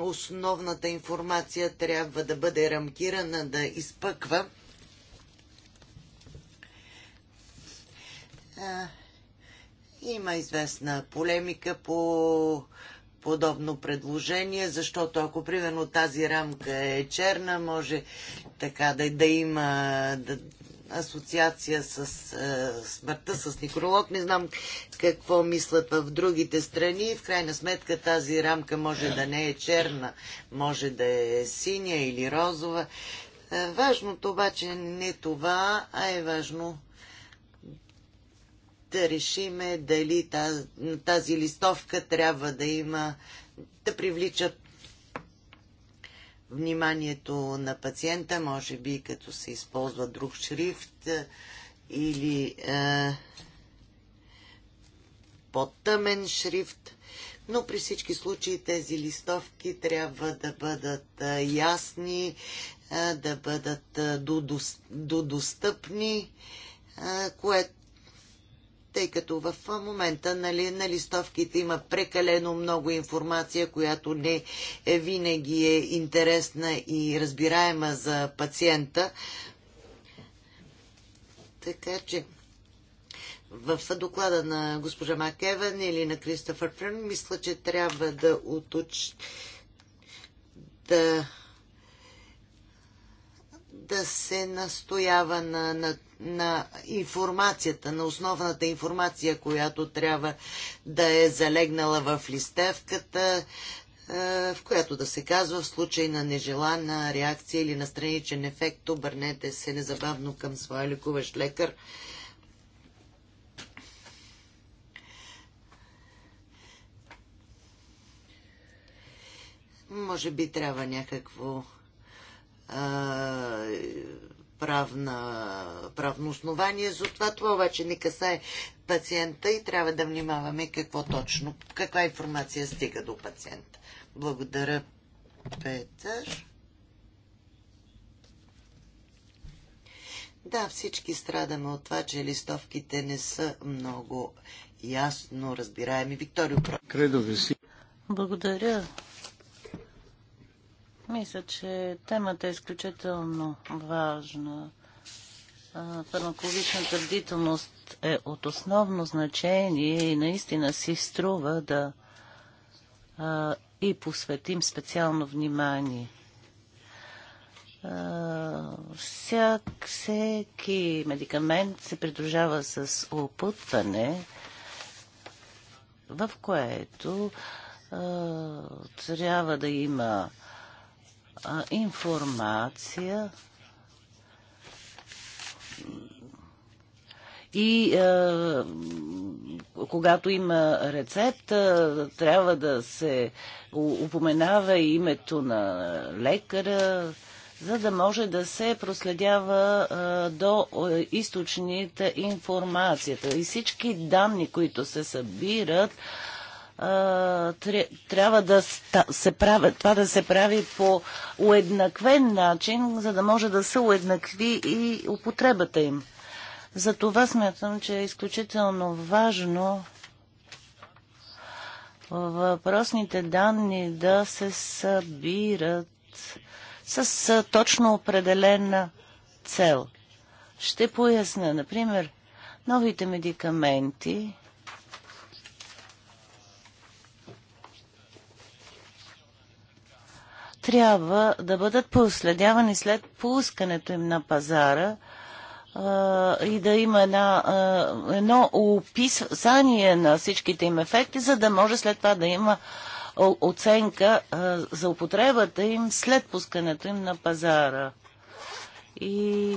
Speaker 2: основната информация трябва да бъде рамкирана, да изпъква. Има известна полемика по подобно предложение, защото ако примерно тази рамка е черна, може така да, да има да, асоциация с е, смъртта, с некролог. Не знам какво мислят в другите страни. В крайна сметка тази рамка може да не е черна, може да е синя или розова. Е, важното обаче не това, а е важно да решиме дали тази, тази листовка трябва да има, да привлича вниманието на пациента, може би като се използва друг шрифт или е, по-тъмен шрифт. Но при всички случаи тези листовки трябва да бъдат ясни, да бъдат додостъпни, което тъй като в момента нали, на листовките има прекалено много информация, която не е винаги е интересна и разбираема за пациента. Така че в доклада на госпожа Макевен или на Кристофър Френ, мисля, че трябва да уточ... да да се настоява на, на, на информацията, на основната информация, която трябва да е залегнала в листевката, е, в която да се казва в случай на нежелана реакция или на страничен ефект, обърнете се незабавно към своя лекуващ лекар. Може би трябва някакво правна, правно основание, затова това обаче не касае пациента и трябва да внимаваме какво точно, каква информация стига до пациента. Благодаря, Петър. Да, всички страдаме от това, че листовките не са много ясно разбираеми. Викторио,
Speaker 3: Благодаря, мисля, че темата е изключително важна. Фармакологична твърдителност е от основно значение и наистина си струва да а, и посветим специално внимание. А, всяк, всеки медикамент се придружава с опътване, в което а, трябва да има информация и а, когато има рецепта, трябва да се упоменава и името на лекара, за да може да се проследява а, до източните информацията. И всички данни, които се събират, трябва да се прави, това да се прави по уеднаквен начин, за да може да се уеднакви и употребата им. За това смятам, че е изключително важно въпросните данни да се събират с точно определена цел. Ще поясня, например, новите медикаменти трябва да бъдат проследявани след пускането им на пазара а, и да има една, а, едно описание на всичките им ефекти, за да може след това да има оценка а, за употребата им след пускането им на пазара. И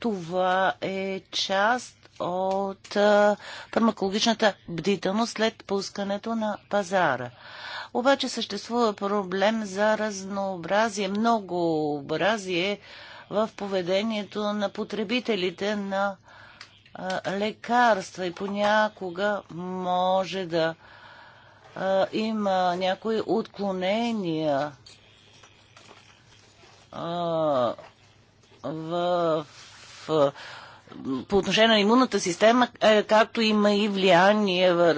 Speaker 3: това е част от фармакологичната бдителност след пускането на пазара. Обаче съществува проблем за разнообразие, многообразие в поведението на потребителите на лекарства и понякога може да има някои отклонения в по отношение на имунната система, е, както има и влияние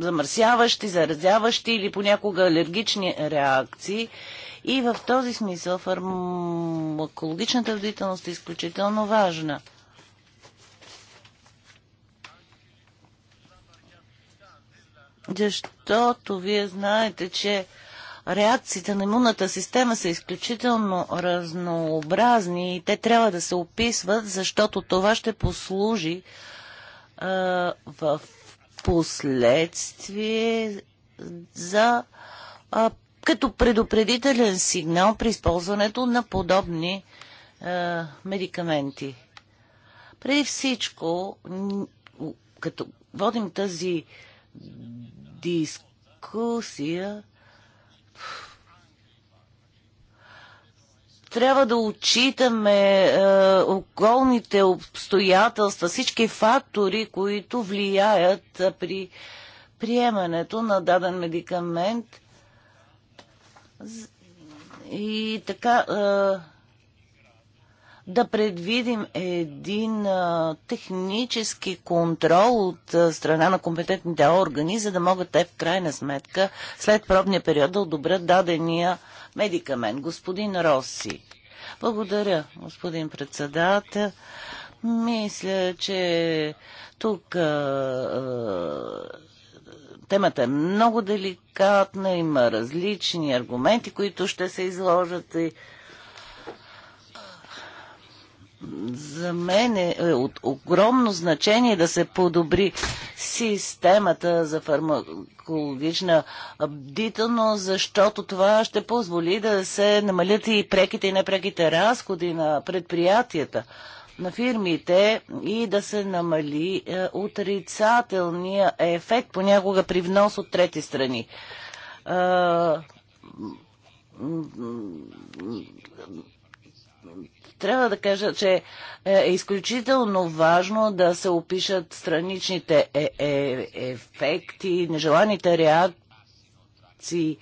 Speaker 3: замърсяващи, заразяващи или понякога алергични реакции. И в този смисъл фармакологичната бдителност е изключително важна. Защото вие знаете, че реакциите на имунната система са изключително разнообразни и те трябва да се описват, защото това ще послужи в последствие за а, като предупредителен сигнал при използването на подобни а, медикаменти. Преди всичко, като водим тази дискусия, трябва да отчитаме е, околните обстоятелства, всички фактори, които влияят е, при приемането на даден медикамент. И така. Е, да предвидим един а, технически контрол от а, страна на компетентните органи, за да могат те в крайна сметка след пробния период да одобрят дадения медикамент. Господин Роси. Благодаря, господин председател. Мисля, че тук а, а Темата е много деликатна, има различни аргументи, които ще се изложат и за мен е, е от огромно значение да се подобри системата за фармакологична бдителност, защото това ще позволи да се намалят и преките и непреките разходи на предприятията, на фирмите и да се намали е, отрицателния ефект понякога при внос от трети страни е, трябва да кажа, че е, е изключително важно да се опишат страничните е- е- ефекти, нежеланите реакции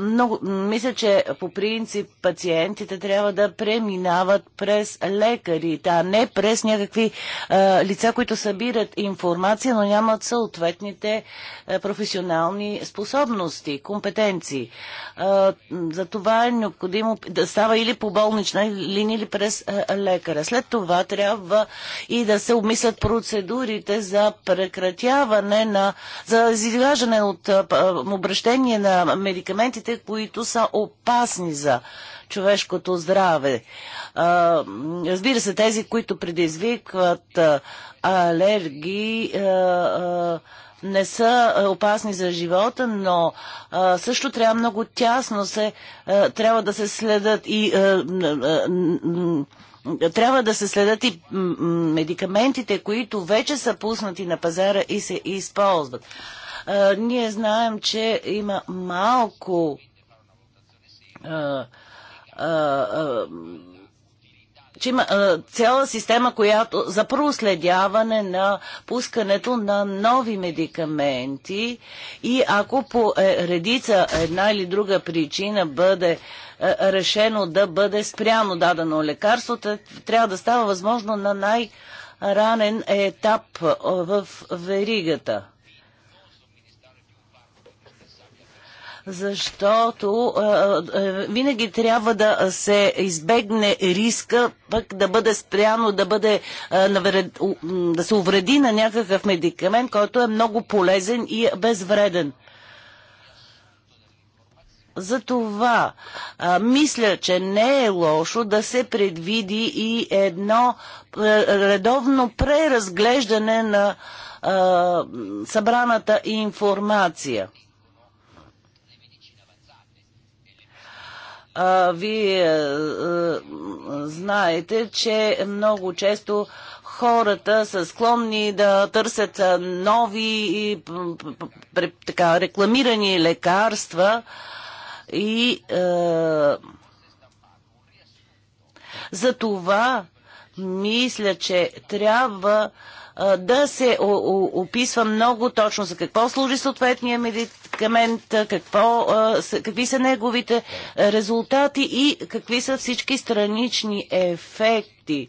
Speaker 3: много, мисля, че по принцип пациентите трябва да преминават през лекарите, а не през някакви а, лица, които събират информация, но нямат съответните а, професионални способности, компетенции. А, за това е необходимо да става или по болнична линия, или през а, лекара. След това трябва и да се обмислят процедурите за прекратяване на, за изграждане от а, обращение на медикамент елементите, които са опасни за човешкото здраве. А, разбира се, тези, които предизвикват а, алергии, а, не са опасни за живота, но а, също трябва много тясно се, а, трябва да се следят и а, трябва да се следят и медикаментите, които вече са пуснати на пазара и се използват ние знаем, че има малко а, а, а, че има а, цяла система, която за проследяване на пускането на нови медикаменти и ако по е, редица една или друга причина бъде е, решено да бъде спряно дадено лекарство, трябва да става възможно на най- ранен етап в веригата. защото а, е, винаги трябва да се избегне риска пък да бъде спряно, да, бъде, а, навред, да се увреди на някакъв медикамент, който е много полезен и безвреден. Затова а, мисля, че не е лошо да се предвиди и едно редовно преразглеждане на а, събраната информация. а, вие а, знаете, че много често хората са склонни да търсят нови и така, рекламирани лекарства и а, за това мисля, че трябва а, да се о, о, описва много точно за какво служи съответния медицин медикамент, какво, какви са неговите резултати и какви са всички странични ефекти.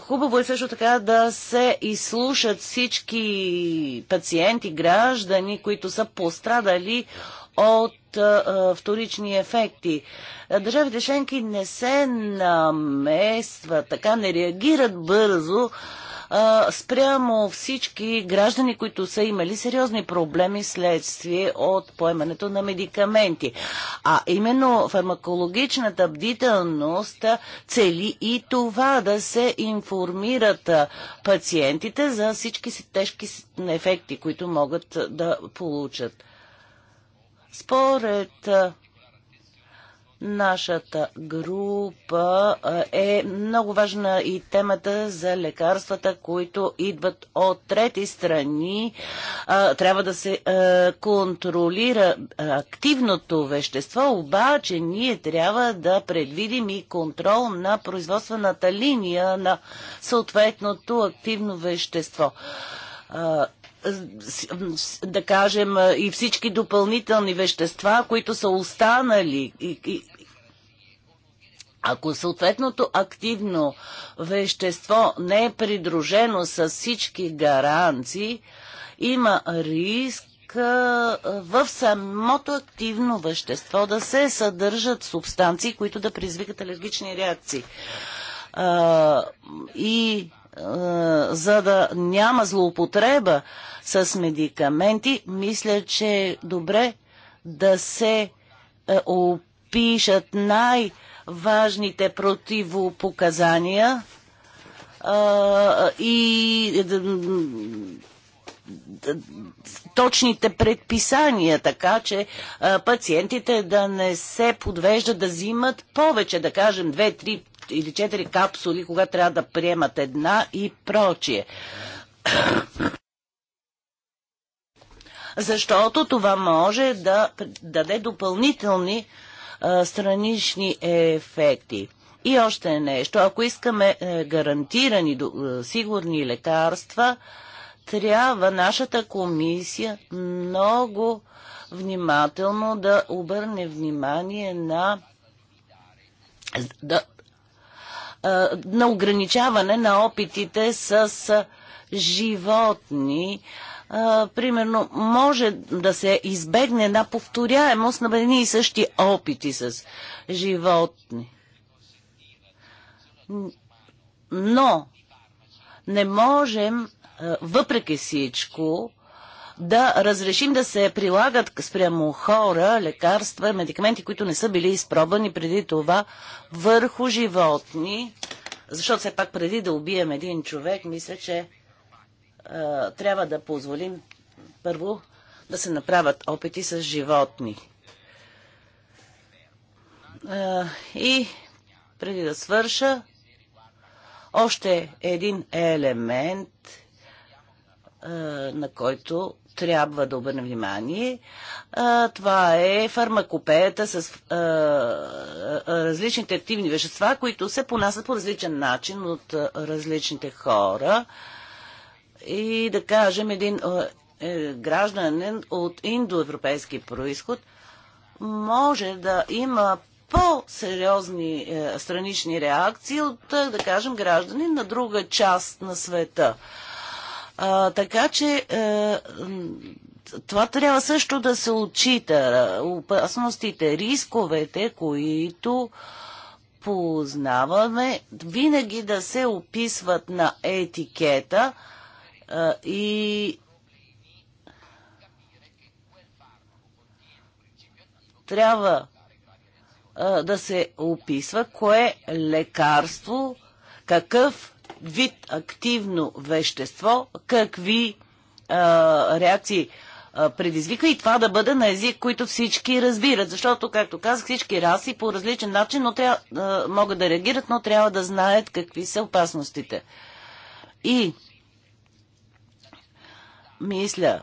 Speaker 3: Хубаво е също така да се изслушат всички пациенти, граждани, които са пострадали от вторични ефекти. Държавите Шенки не се наместват, така не реагират бързо спрямо всички граждани, които са имали сериозни проблеми следствие от поемането на медикаменти. А именно фармакологичната бдителност цели и това да се информират пациентите за всички си тежки ефекти, които могат да получат. Според Нашата група е много важна и темата за лекарствата, които идват от трети страни. Трябва да се контролира активното вещество, обаче ние трябва да предвидим и контрол на производствената линия на съответното активно вещество да кажем, и всички допълнителни вещества, които са останали и, и, ако съответното активно вещество не е придружено с всички гаранции, има риск в самото активно вещество да се съдържат субстанции, които да призвикат алергични реакции. А, и а, за да няма злоупотреба с медикаменти, мисля, че е добре да се е, опишат най- важните противопоказания и точните предписания, така че пациентите да не се подвеждат да взимат повече, да кажем 2, 3 или 4 капсули, кога трябва да приемат една и прочие. Защото това може да даде допълнителни странични ефекти. И още нещо. Ако искаме е, гарантирани, е, сигурни лекарства, трябва нашата комисия много внимателно да обърне внимание на, да, е, на ограничаване на опитите с животни а, примерно, може да се избегне една повторяемост на едни и същи опити с животни. Но не можем, въпреки всичко, да разрешим да се прилагат спрямо хора, лекарства, медикаменти, които не са били изпробвани преди това върху животни. Защото все пак преди да убием един човек, мисля, че трябва да позволим първо да се направят опити с животни. И преди да свърша, още един елемент, на който трябва да обърнем внимание. това е фармакопеята с различните активни вещества, които се понасят по различен начин от различните хора и да кажем един е, е, гражданин от индоевропейски происход може да има по-сериозни е, странични реакции от, е, да кажем, граждани на друга част на света. А, така че е, това трябва също да се отчита. Опасностите, рисковете, които познаваме, винаги да се описват на етикета, и трябва да се описва кое лекарство, какъв вид активно вещество, какви а, реакции а, предизвика и това да бъде на език, които всички разбират. Защото, както казах, всички раси по различен начин но трябва, а, могат да реагират, но трябва да знаят какви са опасностите. И мисля,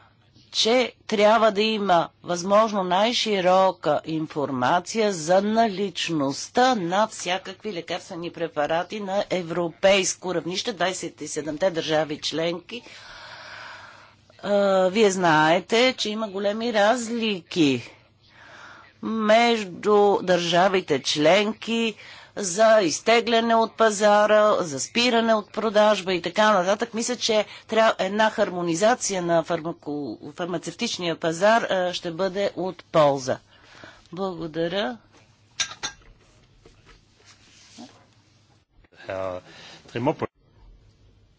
Speaker 3: че трябва да има възможно най-широка информация за наличността на всякакви лекарствени препарати на европейско равнище, 27-те държави членки. Вие знаете, че има големи разлики между държавите членки, за изтегляне от пазара, за спиране от продажба и така нататък. Мисля, че трябва една хармонизация на фармако... фармацевтичния пазар е, ще бъде от полза. Благодаря.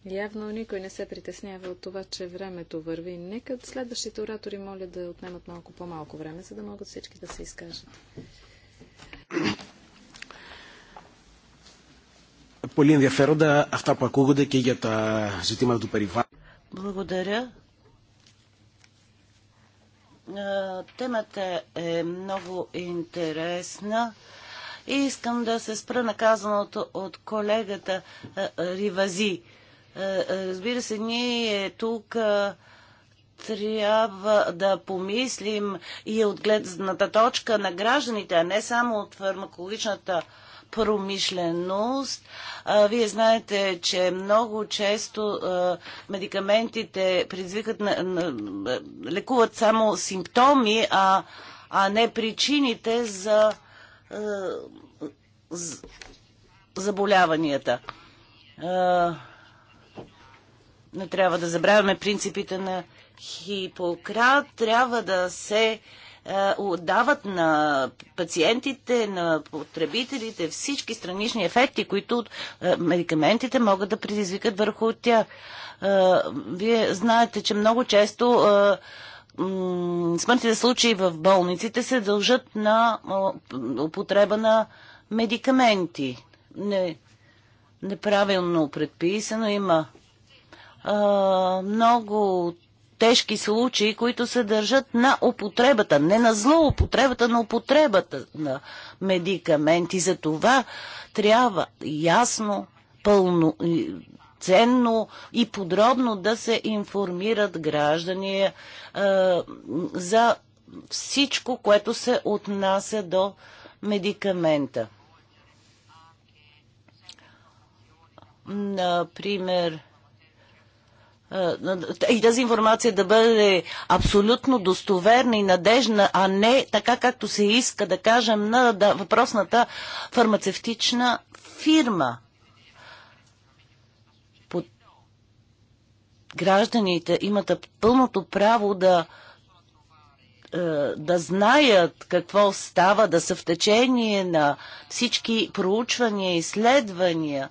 Speaker 1: Явно никой не се притеснява от това, че времето върви. Нека следващите оратори моля да отнемат малко по-малко време, за да могат всички да се изкажат.
Speaker 3: Πολύ ενδιαφέροντα αυτά που ακούγονται και για τα ζητήματα του περιβάλλοντος. Благодаря. Темата е много интересна. И искам да се спра на казаното от колегата е, Ривази. Е, разбира се, ние тук е, трябва да помислим и от гледната точка на гражданите, а не само от фармакологичната промишленост. А, вие знаете, че много често а, медикаментите предизвикат, на, на, лекуват само симптоми, а, а не причините за, а, заболяванията. А, не трябва да забравяме принципите на Хипократ. Трябва да се а, е, дават на пациентите, на потребителите всички странични ефекти, които е, медикаментите могат да предизвикат върху тях. Е, вие знаете, че много често смъртните случаи в болниците се дължат на употреба на медикаменти. Не, неправилно предписано има а, много тежки случаи, които се държат на употребата, не на злоупотребата, на употребата на медикаменти. За това трябва ясно, пълно, ценно и подробно да се информират граждани е, за всичко, което се отнася до медикамента. Например, е, и тази информация да бъде абсолютно достоверна и надежна, а не така както се иска да кажем на да, въпросната фармацевтична фирма. Под... Гражданите имат пълното право да е, да знаят какво става, да са в течение на всички проучвания, изследвания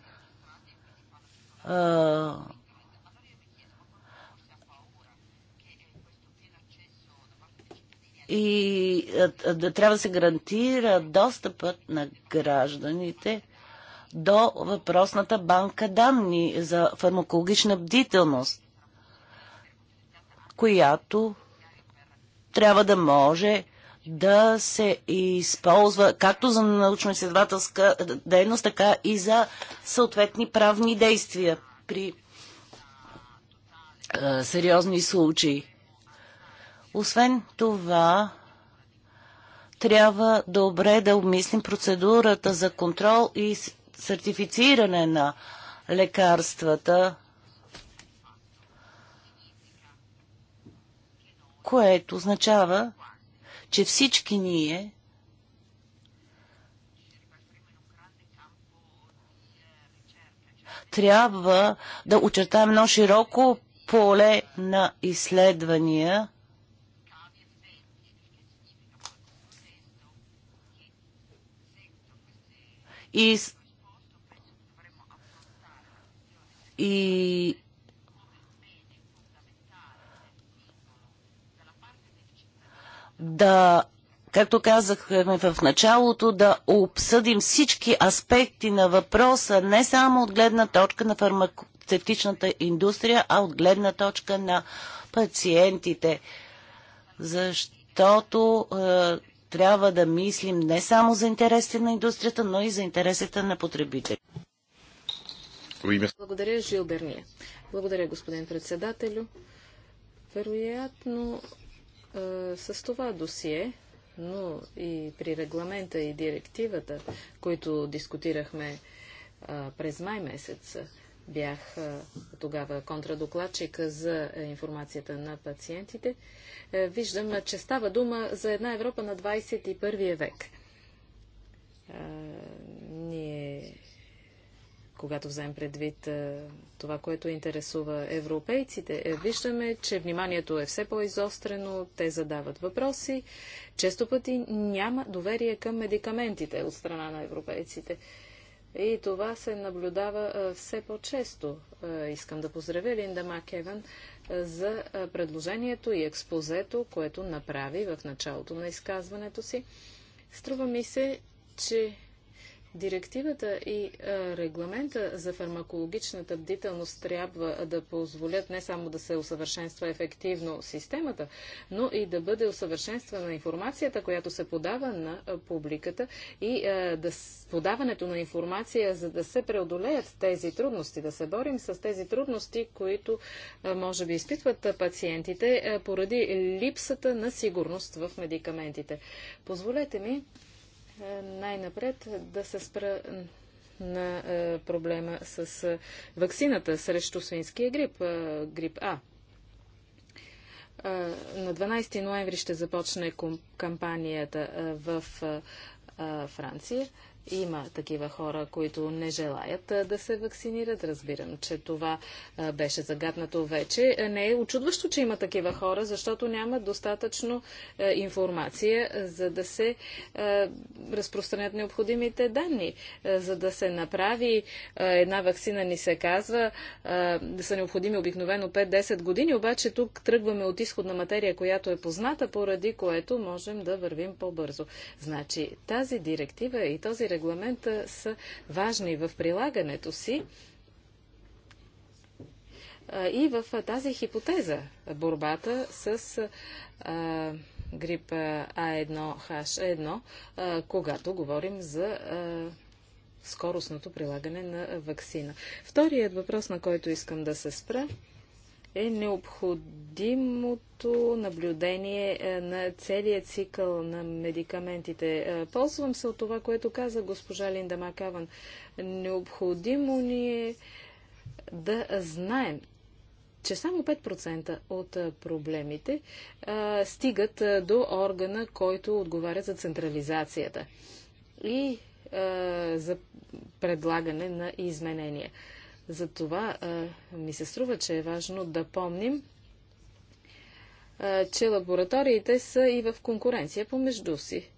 Speaker 3: е, и е, е, да трябва да се гарантира достъпът на гражданите до въпросната банка данни за фармакологична бдителност, която трябва да може да се използва както за научно-изследователска дейност, така и за съответни правни действия при е, сериозни случаи. Освен това, трябва добре да обмислим процедурата за контрол и сертифициране на лекарствата, което означава, че всички ние трябва да очертаем едно широко поле на изследвания – И, и да, както казахме в началото, да обсъдим всички аспекти на въпроса, не само от гледна точка на фармацевтичната индустрия, а от гледна точка на пациентите. Защото е, трябва да мислим не само за интересите на индустрията, но и за интересите на потребителите.
Speaker 1: Благодаря, Жил Берния. Благодаря, господин председателю. Вероятно, е, с това досие, но и при регламента и директивата, които дискутирахме е, през май месец, Бях тогава контрадокладчик за е, информацията на пациентите. Е, виждам, че става дума за една Европа на 21 век. Е, ние когато вземем предвид това, което интересува европейците, виждаме, че вниманието е все по-изострено, те задават въпроси. Често пъти няма доверие към медикаментите от страна на европейците. И това се наблюдава все по-често. Искам да поздравя Линда Макеван за предложението и експозето, което направи в началото на изказването си. Струва ми се, че Директивата и регламента за фармакологичната бдителност трябва да позволят не само да се усъвършенства ефективно системата, но и да бъде усъвършенствана информацията, която се подава на публиката и да подаването на информация, за да се преодолеят тези трудности, да се борим с тези трудности, които може би изпитват пациентите поради липсата на сигурност в медикаментите. Позволете ми най-напред да се спра на е, проблема с е, ваксината срещу свинския грип, е, грип А. На 12 ноември ще започне кампанията в Франция. Има такива хора, които не желаят да се вакцинират. Разбирам, че това беше загаднато вече. Не е очудващо, че има такива хора, защото няма достатъчно информация, за да се разпространят необходимите данни. За да се направи една вакцина, ни се казва, да са необходими обикновено 5-10 години, обаче тук тръгваме от изходна материя, която е позната, поради което можем да вървим по-бързо. Значи тази директива и този регламента са важни в прилагането си. И в тази хипотеза борбата с грип а 1 х 1 когато говорим за скоростното прилагане на вакцина. Вторият въпрос, на който искам да се спра, е необходимото наблюдение е, на целият цикъл на медикаментите. Е, ползвам се от това, което каза госпожа Линда Макаван. Необходимо ни е да знаем, че само 5% от е, проблемите а, стигат а, до органа, който отговаря за централизацията и а, за предлагане на изменения. За това ми се струва, че е важно да помним, че лабораториите са и в конкуренция помежду си.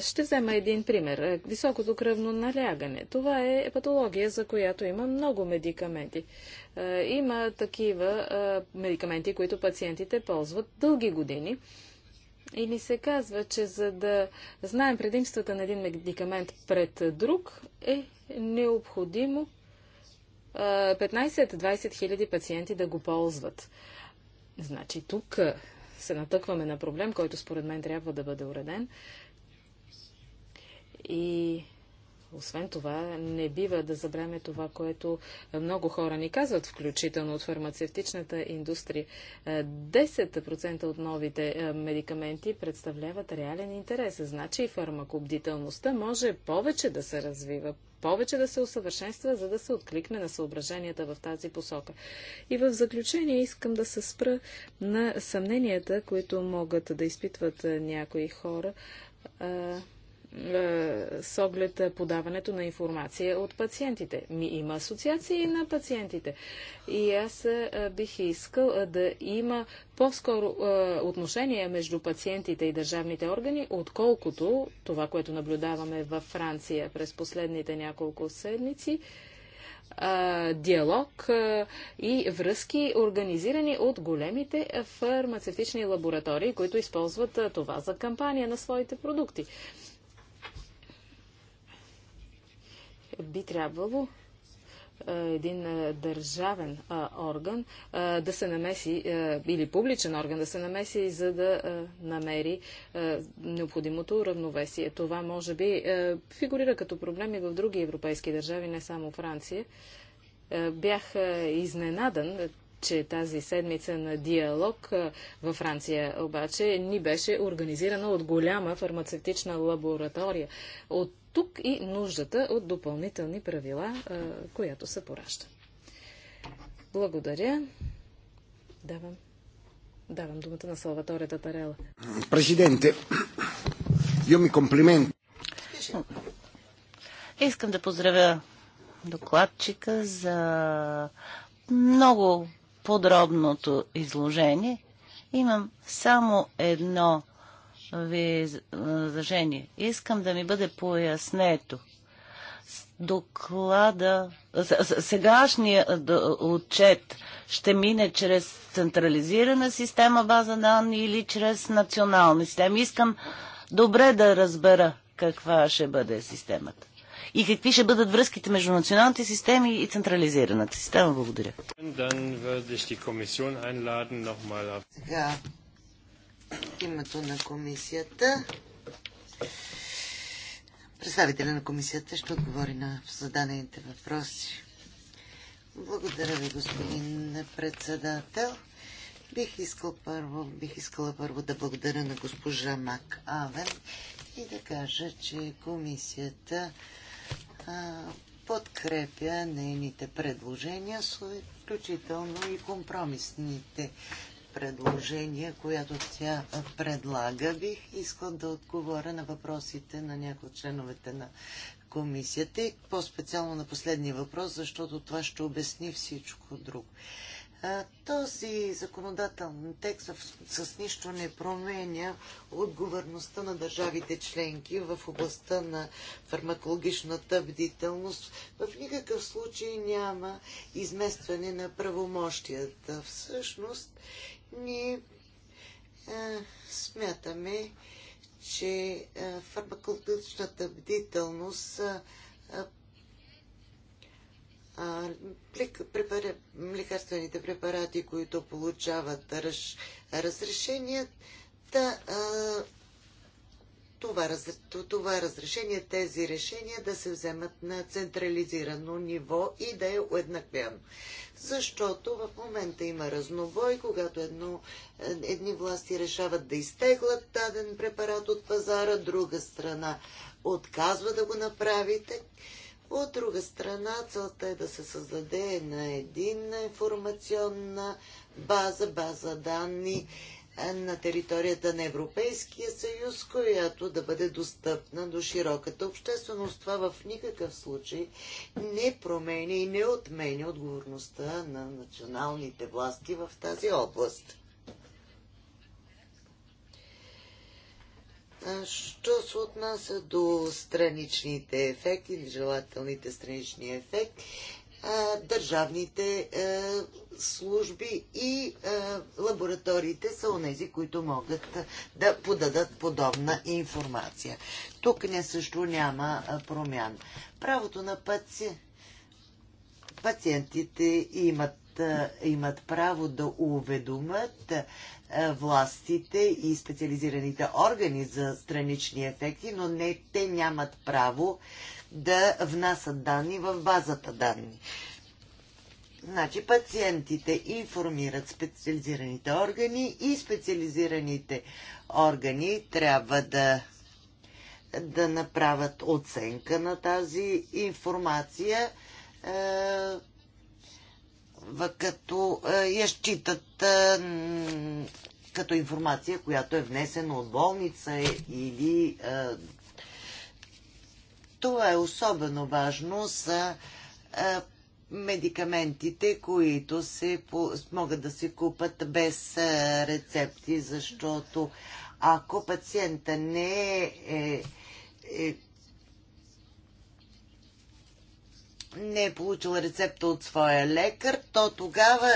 Speaker 1: ще взема един пример. Високото кръвно налягане. Това е патология, за която има много медикаменти. Има такива медикаменти, които пациентите ползват дълги години. И ни се казва, че за да знаем предимствата на един медикамент пред друг, е необходимо 15-20 хиляди пациенти да го ползват. Значи тук се натъкваме на проблем, който според мен трябва да бъде уреден. И освен това, не бива да забравяме това, което много хора ни казват, включително от фармацевтичната индустрия. 10% е, от новите е, медикаменти представляват реален интерес. Значи и фармакобдителността може повече да се развива, повече да се усъвършенства, за да се откликне на съображенията в тази посока. И в заключение искам да се спра на съмненията, които могат да изпитват е, някои хора е, с оглед подаването на информация от пациентите. Ми има асоциации на пациентите. И аз е, бих искал е, да има по-скоро отношение между пациентите и държавните органи, отколкото това, което наблюдаваме във Франция през последните няколко седмици, диалог и връзки, организирани от големите фармацевтични лаборатории, които използват това за кампания на своите продукти. би трябвало един държавен орган да се намеси, или публичен орган да се намеси, за да намери необходимото равновесие. Това може би фигурира като проблеми в други европейски държави, не само Франция. Бях изненадан, че тази седмица на диалог във Франция обаче ни беше организирана от голяма фармацевтична лаборатория. От тук и нуждата от допълнителни правила, която се поражда. Благодаря. Давам. Давам думата на Салваторе Татарела.
Speaker 3: Президенте, я ми комплимент.
Speaker 1: Искам да поздравя докладчика
Speaker 3: за много подробното изложение. Имам само едно възражение. Искам да ми бъде пояснето. Доклада, сегашния отчет ще мине чрез централизирана система база данни или чрез национални системи. Искам добре да разбера каква ще бъде системата. И какви ще бъдат връзките между националните системи и централизираната система? Благодаря. Сега
Speaker 2: името на комисията. Представителя на комисията ще отговори на зададените въпроси. Благодаря ви, господин председател. Бих, искал първо, бих искала първо да благодаря на госпожа Мак Авен и да кажа, че комисията а, подкрепя нейните предложения, включително и компромисните предложения, която тя предлага. Бих искал да отговоря на въпросите на някои от членовете на комисията и по-специално на последния въпрос, защото това ще обясни всичко друго. Този законодателен текст с нищо не променя отговорността на държавите членки в областта на фармакологичната бдителност. В никакъв случай няма изместване на правомощията. Всъщност ние а, е, смятаме, че а, е, фармакологичната бдителност е, а, а, лекарствените препарати, които получават раз, да а, това, това разрешение, тези решения да се вземат на централизирано ниво и да е уеднаквяно. Защото в момента има разнобой, когато едно, е, едни власти решават да изтеглят даден препарат от пазара, друга страна отказва да го направите. От друга страна, целта е да се създаде на един информационна база, база данни, на територията на Европейския съюз, която да бъде достъпна до широката общественост. Това в никакъв случай не променя и не отменя отговорността на националните власти в тази област. Що се отнася до страничните ефекти, нежелателните странични ефекти, държавните служби и лабораториите са онези, които могат да подадат подобна информация. Тук не също няма промян. Правото на пациентите имат имат право да уведомят властите и специализираните органи за странични ефекти, но не те нямат право да внасят данни в базата данни. Значи пациентите информират специализираните органи и специализираните органи трябва да, да направят оценка на тази информация като е, я считат е, като информация, която е внесена от болница или е, това е особено важно за медикаментите, които се, могат да се купат без рецепти, защото ако пациента не е, е, е не е получил рецепта от своя лекар, то тогава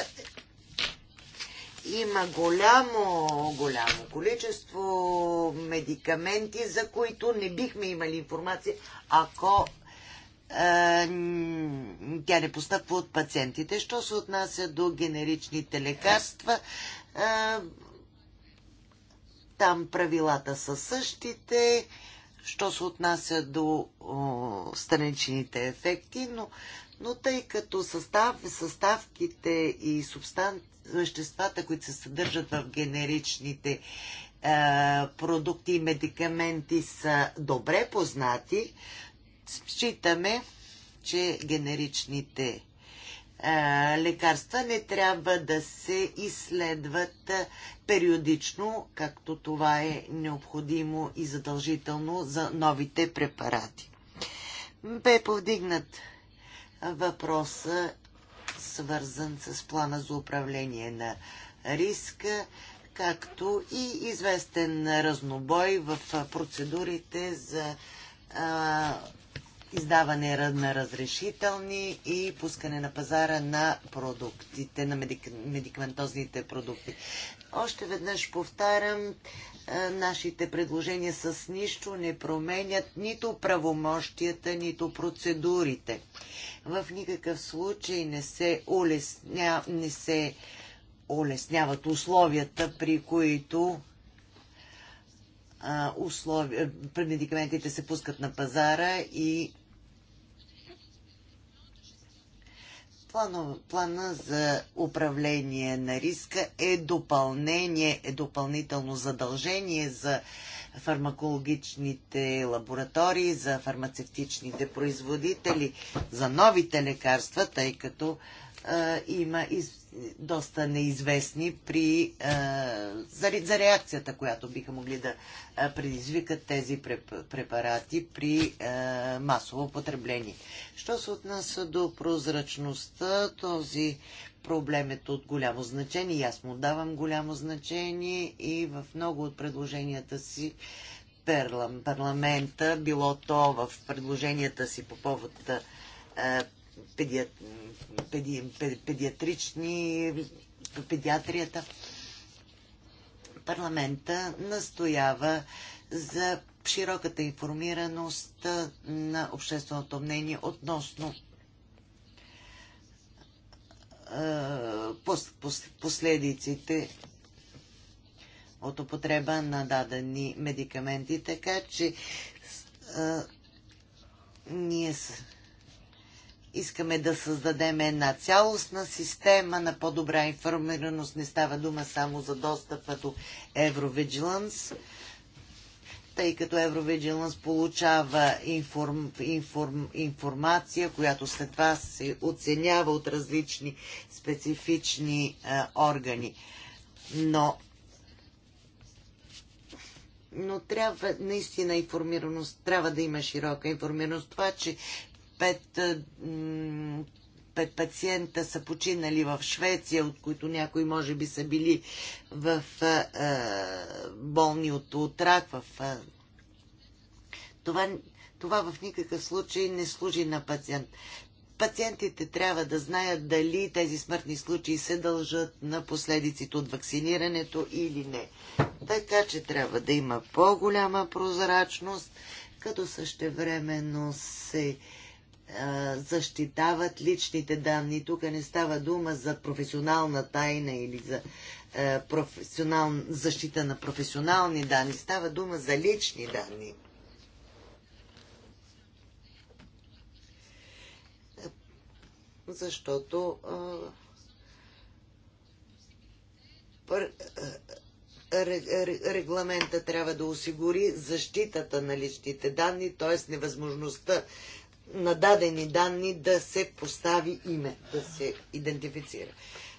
Speaker 2: има голямо, голямо количество медикаменти, за които не бихме имали информация, ако е, тя не постъпва от пациентите. Що се отнася до генеричните лекарства, е, там правилата са същите. Е, що се отнася до о, страничните ефекти, но, но тъй като състав, съставките и субстан, веществата, които се съдържат в генеричните е, продукти и медикаменти са добре познати, считаме, че генеричните е, лекарства не трябва да се изследват е, периодично, както това е необходимо и задължително за новите препарати. Бе повдигнат въпроса, свързан с плана за управление на риска, както и известен разнобой в процедурите за а, издаване на разрешителни и пускане на пазара на продуктите, на медик... медикаментозните продукти. Още веднъж повтарям, е, нашите предложения с нищо не променят нито правомощията, нито процедурите. В никакъв случай не се, улесня... не се улесняват условията, при които условия, медикаментите се пускат на пазара и Плано, плана за управление на риска е допълнение, е допълнително задължение за фармакологичните лаборатории, за фармацевтичните производители, за новите лекарства, тъй като е, има из, доста неизвестни при, а, е, за, за реакцията, която биха могли да е, предизвикат тези препарати при а, е, масово потребление. Що се отнася до прозрачността, този проблем е от голямо значение и аз му давам голямо значение и в много от предложенията си парламента, било то в предложенията си по повод педи... Педи... педиатрични педиатрията. Парламента настоява за широката информираност на общественото мнение относно е, последиците от употреба на дадени медикаменти. Така че а, е, ние искаме да създадем една цялостна система на по-добра информираност. Не става дума само за достъпа до Евровиджиланс, тъй като Евровиджиланс получава информ, информ, информация, която след това се оценява от различни специфични а, органи. Но но трябва наистина информираност, трябва да има широка информираност. Това, че пет, пациента са починали в Швеция, от които някои може би са били в а, болни от, от рак. В, а, това, това в никакъв случай не служи на пациент. Пациентите трябва да знаят дали тези смъртни случаи се дължат на последиците от вакцинирането или не. Така че трябва да има по-голяма прозрачност, като същевременно се защитават личните данни. Тук не става дума за професионална тайна или за професионал... защита на професионални данни. Става дума за лични данни. Защото регламента трябва да осигури защитата на личните данни, т.е. невъзможността на дадени данни да се постави име, да се идентифицира.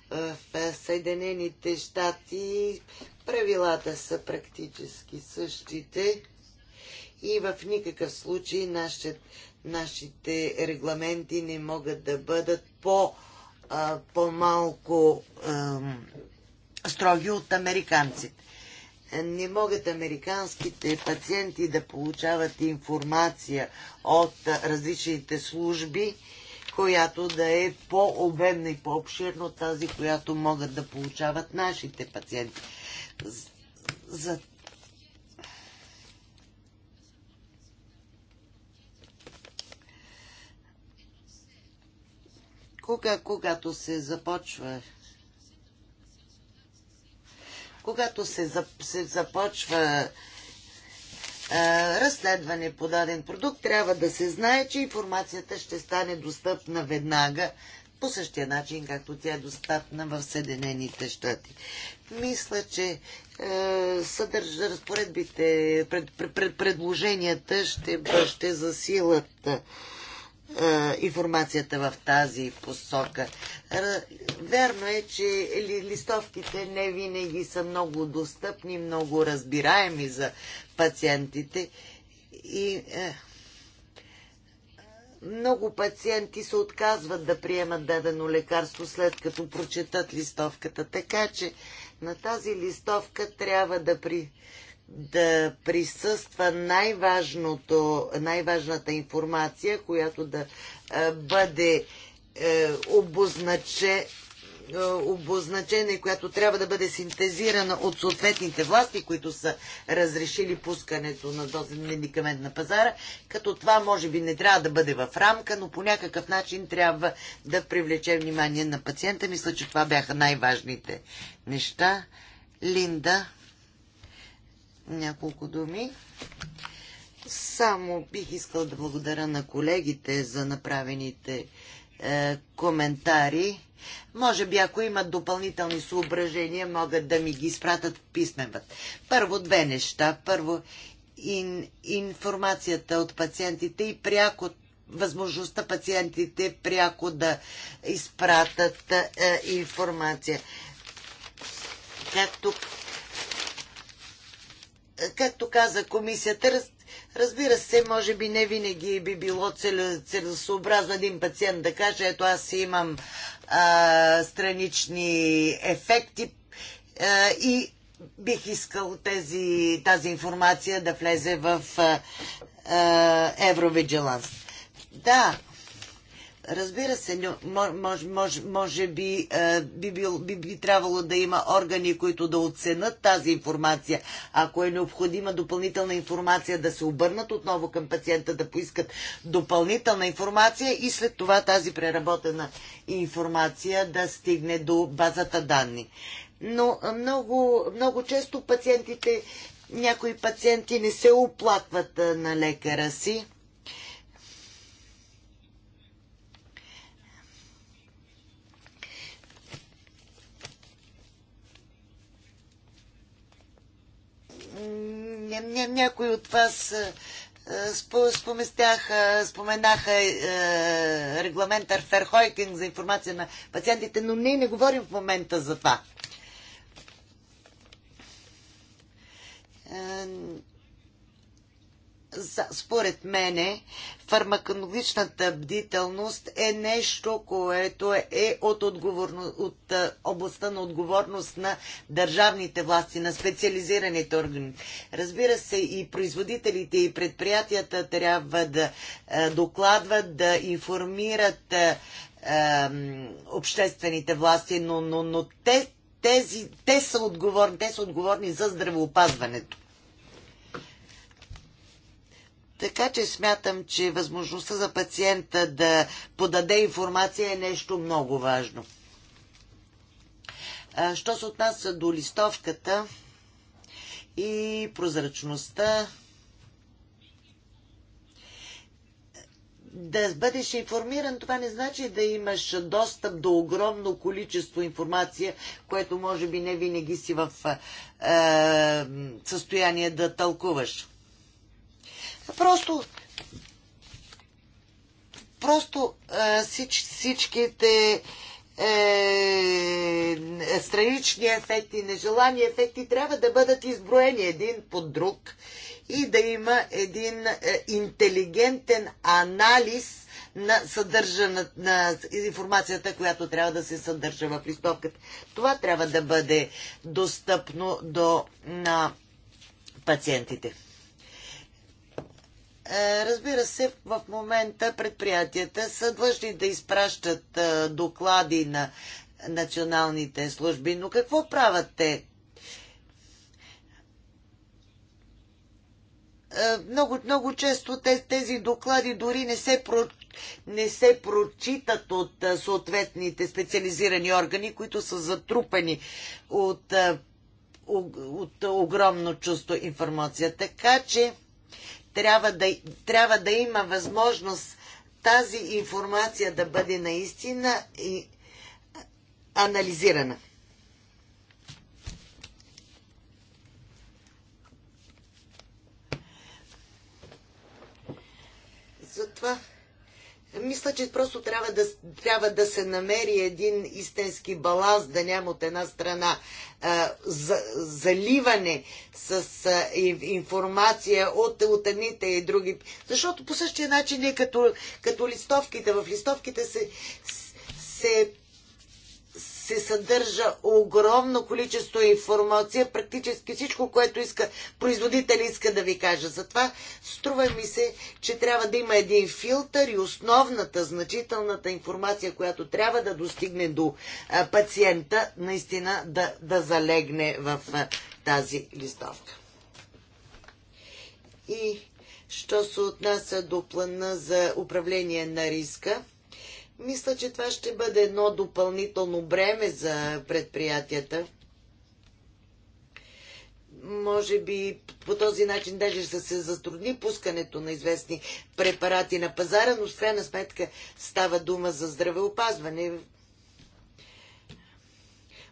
Speaker 2: В Съединените щати правилата са практически същите и в никакъв случай нашите, нашите регламенти не могат да бъдат по, по-малко строги от американците не могат американските пациенти да получават информация от различните служби, която да е по-обемна и по-обширна от тази, която могат да получават нашите пациенти. За... Кога, когато се започва когато се, се започва разследване по даден продукт, трябва да се знае, че информацията ще стане достъпна веднага, по същия начин, както тя е достъпна в Съединените щати. Мисля, че е, съдържа разпоредбите, пред, пред, пред, предложенията ще, ще засилат е, информацията в тази посока. Верно е, че листовките не винаги са много достъпни, много разбираеми за пациентите и е, много пациенти се отказват да приемат дадено лекарство след като прочетат листовката. Така че на тази листовка трябва да при да присъства най-важното, най-важната информация, която да бъде е, обозначе, е, обозначена и която трябва да бъде синтезирана от съответните власти, които са разрешили пускането на този медикамент на пазара, като това може би не трябва да бъде в рамка, но по някакъв начин трябва да привлече внимание на пациента. Мисля, че това бяха най-важните неща. Линда няколко думи. Само бих искал да благодаря на колегите за направените е, коментари. Може би, ако имат допълнителни съображения, могат да ми ги изпратят в писмен път. Първо, две неща. Първо, ин, информацията от пациентите и пряко възможността пациентите пряко да изпратят е, информация. Както както каза комисията, раз, разбира се, може би не винаги би било целесообразно един пациент да каже, ето аз имам а, странични ефекти а, и бих искал тези, тази информация да влезе в а, а, Евровиджеланс. Да, Разбира се, може, може, може би, е, би, би, би, би трябвало да има органи, които да оценят тази информация. Ако е необходима допълнителна информация, да се обърнат отново към пациента, да поискат допълнителна информация и след това тази преработена информация да стигне до базата данни. Но е, много, много често пациентите, някои пациенти не се оплакват е, на лекара си ня, някои от вас е, е, споместяха, споменаха е, регламент Арфер Хойкинг за информация на пациентите, но ние не говорим в момента за това. според мене фармакологичната бдителност е нещо, което е от, отговорно, от областта на отговорност на държавните власти, на специализираните органи. Разбира се, и производителите и предприятията трябва да докладват, да информират е, обществените власти, но, но, но те, тези, те, са отговорни, те са отговорни за здравеопазването. Така че смятам, че възможността за пациента да подаде информация е нещо много важно. Що се отнася до листовката и прозрачността, да бъдеш информиран, това не значи да имаш достъп до огромно количество информация, което може би не винаги си в е, състояние да тълкуваш. Просто просто а, е, всичките е, странични ефекти, нежелани ефекти трябва да бъдат изброени един под друг и да има един е, интелигентен анализ на, съдържана, на информацията, която трябва да се съдържа в листовката. Това трябва да бъде достъпно до на пациентите. Е, разбира се, в момента предприятията са длъжни да изпращат е, доклади на националните служби, но какво правят те? Е, много, много често тези доклади дори не се, про, не се прочитат от съответните специализирани органи, които са затрупани от, от огромно чувство информация. Така че трябва да, трябва да има възможност тази информация да бъде наистина и анализирана. Затова мисля, че просто трябва да, трябва да се намери един истински баланс, да няма от една страна а, за, заливане с а, информация от, от едните и други. Защото по същия начин е като, като листовките. В листовките се, се се съдържа огромно количество информация, практически всичко, което иска, производителя, иска да ви каже. Затова струва ми се, че трябва да има един филтър и основната, значителната информация, която трябва да достигне до пациента, наистина да, да залегне в тази листовка. И що се отнася до плана за управление на риска, мисля, че това ще бъде едно допълнително бреме за предприятията. Може би по този начин даже ще се затрудни пускането на известни препарати на пазара, но в крайна сметка става дума за здравеопазване.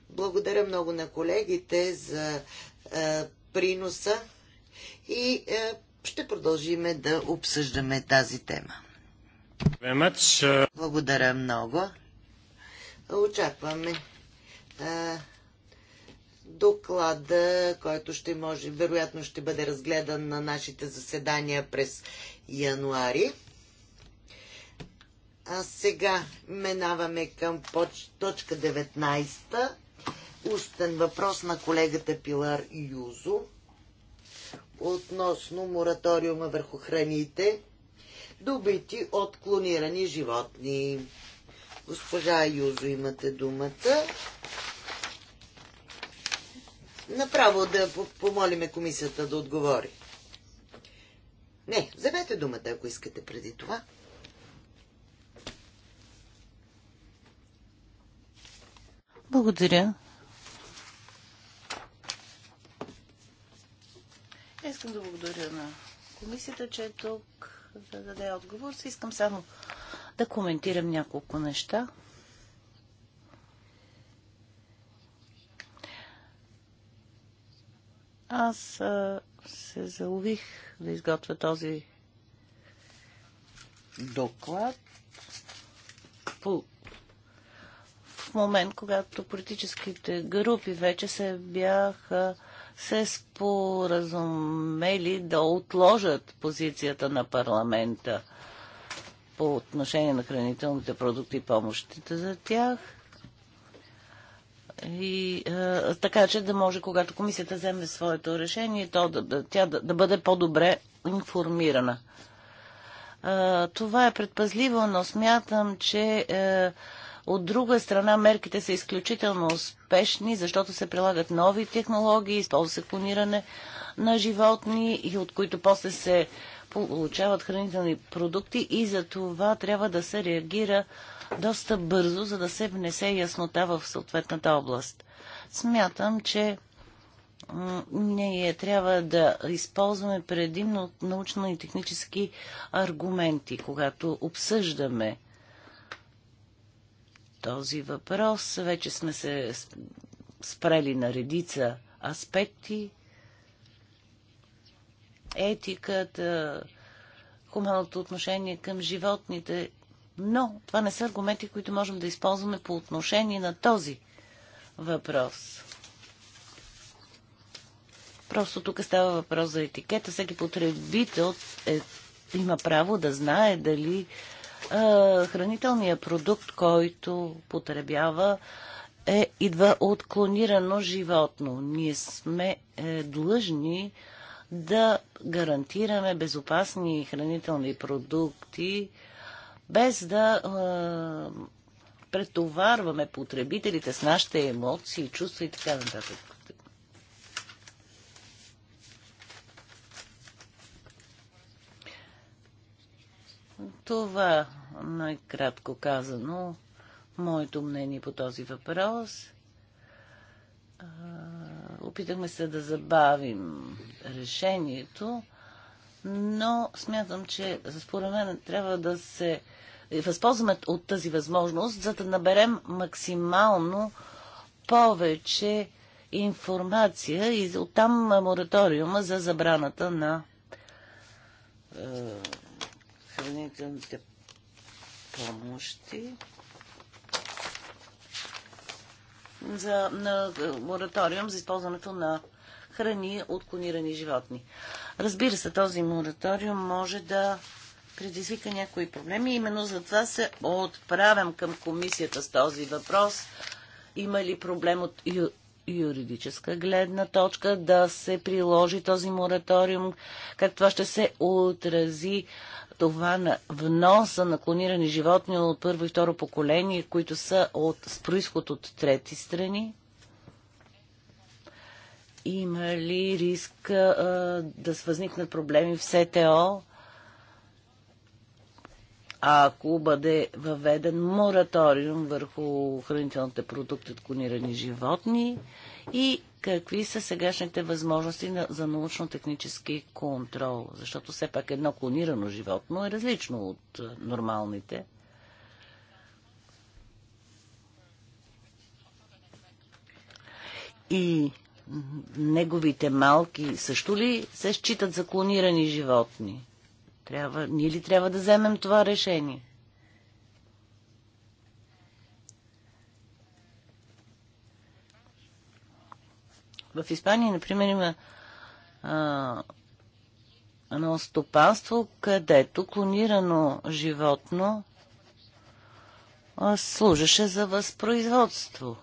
Speaker 2: Благодаря много на колегите за а, е, приноса и а, е, ще продължиме да обсъждаме тази тема. Благодаря много. Очакваме а, доклада, който ще може, вероятно ще бъде разгледан на нашите заседания през януари. А сега минаваме към точка 19. Устен въпрос на колегата Пилар Юзо относно мораториума върху храните добити от клонирани животни. Госпожа Юзо, имате думата. Направо да помолиме комисията да отговори. Не, вземете думата, ако искате преди това.
Speaker 3: Благодаря. Искам да благодаря на комисията, че е тук да даде отговор. искам само да коментирам няколко неща. Аз а, се залових да изготвя този доклад по в момент, когато политическите групи вече се бяха се споразумели да отложат позицията на парламента по отношение на хранителните продукти и помощите за тях. И, е, така че да може, когато комисията вземе своето решение, то да, да, тя да, да бъде по-добре информирана. Е, това е предпазливо, но смятам, че е, от друга страна, мерките са изключително успешни, защото се прилагат нови технологии, използва се клониране на животни и от които после се получават хранителни продукти и за това трябва да се реагира доста бързо, за да се внесе яснота в съответната област. Смятам, че ние трябва да използваме предимно научно и технически аргументи, когато обсъждаме този въпрос. Вече сме се спрели на редица аспекти. Етиката, хуманното отношение към животните. Но това не са аргументи, които можем да използваме по отношение на този въпрос. Просто тук става въпрос за етикета. Всеки потребител е, има право да знае дали хранителният продукт, който потребява, е, идва от клонирано животно. Ние сме е, длъжни да гарантираме безопасни хранителни продукти, без да е, претоварваме потребителите с нашите емоции, чувства и така нататък. Това, най-кратко казано, моето мнение по този въпрос. Опитахме се да забавим решението, но смятам, че според мен трябва да се възползваме от тази възможност, за да наберем максимално повече информация и оттам мораториума за забраната на е, допълнителните помощи за, на мораториум за използването на храни от клонирани животни. Разбира се, този мораториум може да предизвика някои проблеми. Именно за това се отправям към комисията с този въпрос. Има ли проблем от ю, юридическа гледна точка да се приложи този мораториум? Как това ще се отрази това на вноса на клонирани животни от първо и второ поколение, които са от, с происход от трети страни? Има ли риск а, да възникнат проблеми в СТО, ако бъде въведен мораториум върху хранителните продукти от клонирани животни? и какви са сегашните възможности на, за научно-технически контрол? Защото все пак едно клонирано животно е различно от е, нормалните. И неговите малки също ли се считат за клонирани животни? Трябва, ние ли трябва да вземем това решение? В Испания, например, има а, едно стопанство, където клонирано животно а, служеше за възпроизводство.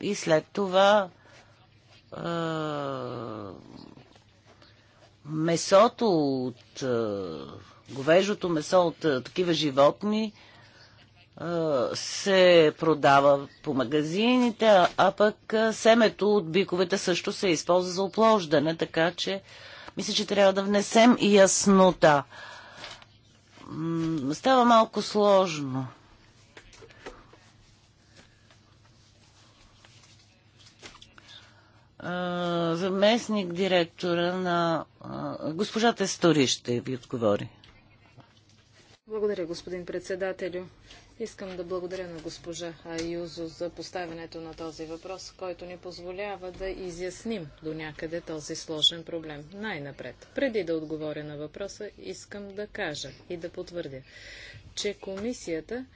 Speaker 3: И след това а, месото от а, говежото месо от а, такива животни се продава по магазините, а пък семето от биковете също се използва за оплождане, така че мисля, че трябва да внесем яснота. Става малко сложно. Заместник директора на госпожата Стори ще ви отговори.
Speaker 1: Благодаря, господин председателю. Искам да благодаря на госпожа Аюзо за поставянето на този въпрос, който ни позволява да изясним до някъде този сложен проблем. Най-напред, преди да отговоря на въпроса, искам да кажа и да потвърдя, че комисията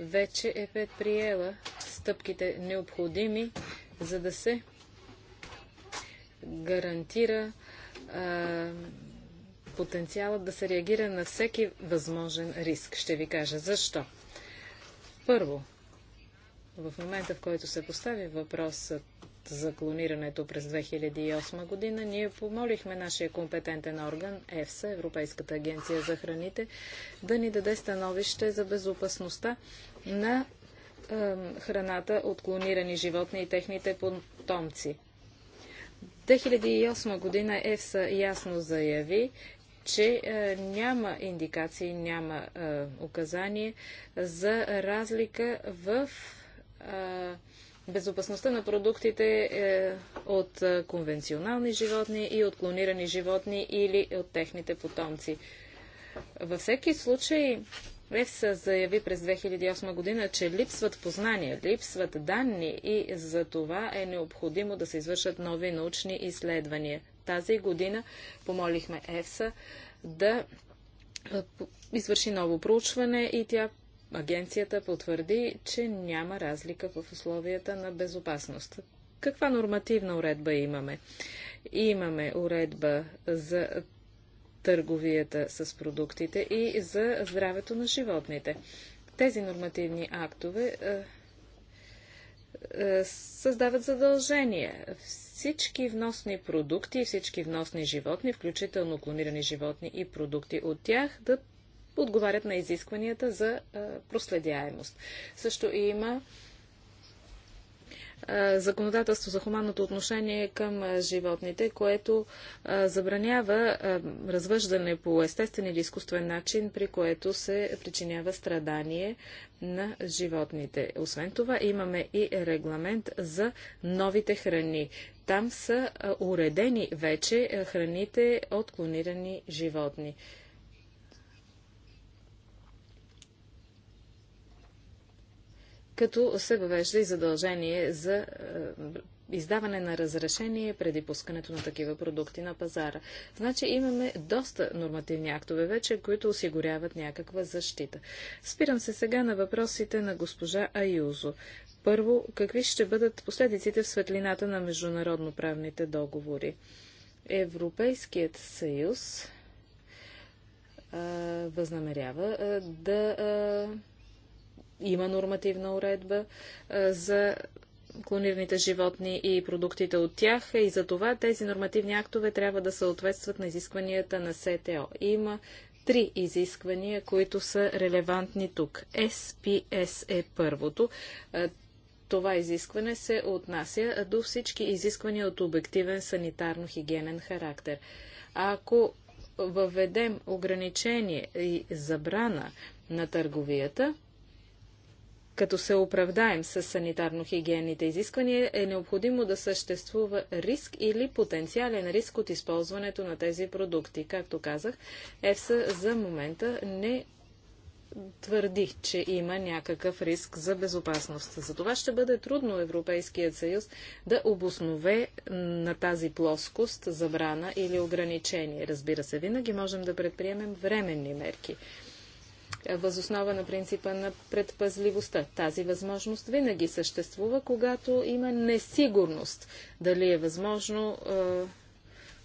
Speaker 1: вече е предприела стъпките необходими, за да се гарантира а, потенциалът да се реагира на всеки възможен риск. Ще ви кажа защо. Първо, в момента, в който се постави въпросът за клонирането през 2008 година, ние помолихме нашия компетентен орган, ЕФСА, Европейската агенция за храните, да ни даде становище за безопасността на е, храната от клонирани животни и техните потомци. 2008 година ЕФСА ясно заяви, че е, няма индикации, няма е, за разлика в е, безопасността на продуктите е, от конвенционални животни и от клонирани животни или от техните потомци. Във всеки случай, ЕФСА заяви през 2008 година, че липсват познания, липсват данни и за това е необходимо да се извършат нови научни изследвания. Тази година помолихме ЕФСА да извърши ново проучване и тя агенцията потвърди, че няма разлика в условията на безопасност. Каква нормативна уредба имаме? Имаме уредба за търговията с продуктите и за здравето на животните. Тези нормативни актове е, е, създават задължения всички вносни продукти и всички вносни животни, включително клонирани животни и продукти от тях, да отговарят на изискванията за а, проследяемост. Също и има а, законодателство за хуманното отношение към животните, което забранява развъждане по естествен или изкуствен начин, при което се причинява страдание на животните. Освен това имаме и регламент за новите храни. Там са уредени вече храните от клонирани животни. като се въвежда и задължение за издаване на разрешение преди пускането на такива продукти на пазара. Значи имаме доста нормативни актове вече, които осигуряват някаква защита. Спирам се сега на въпросите на госпожа Аюзо. Първо, какви ще бъдат последиците в светлината на международноправните договори? Европейският съюз а, възнамерява а, да а, има нормативна уредба а, за клонираните животни и продуктите от тях и за това тези нормативни актове трябва да съответстват на изискванията на СТО. Има три изисквания, които са релевантни тук. SPS е първото. Това изискване се отнася до всички изисквания от обективен санитарно-хигиенен характер. Ако въведем ограничение и забрана на търговията, като се оправдаем с санитарно-хигиенните изисквания, е необходимо да съществува риск или потенциален риск от използването на тези продукти. Както казах, ЕФСА за момента не твърди, че има някакъв риск за безопасност. За това ще бъде трудно Европейският съюз да обоснове на тази плоскост забрана или ограничение. Разбира се, винаги можем да предприемем временни мерки. Възоснова на принципа на предпазливостта. Тази възможност винаги съществува, когато има несигурност дали е възможно е,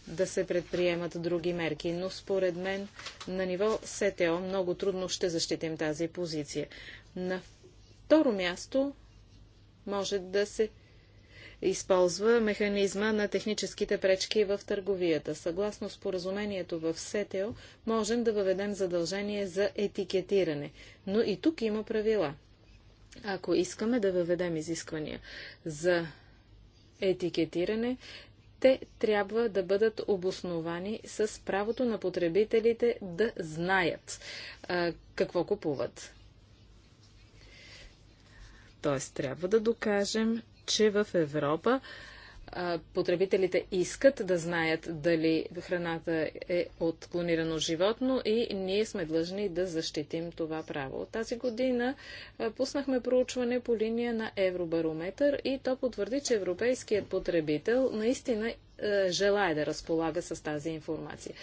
Speaker 1: да се предприемат други мерки, но според мен на ниво СТО много трудно ще защитим тази позиция. На второ място може да се използва механизма на техническите пречки в търговията. Съгласно споразумението в СТО, можем да въведем задължение за етикетиране. Но и тук има правила. Ако искаме да въведем изисквания за етикетиране, те трябва да бъдат обосновани с правото на потребителите да знаят а, какво купуват. Тоест, трябва да докажем, че в Европа потребителите искат да знаят дали храната е от клонирано животно и ние сме длъжни да защитим това право. Тази година пуснахме проучване по линия на Евробарометър и то потвърди, че европейският потребител наистина е, желая да разполага с тази информация.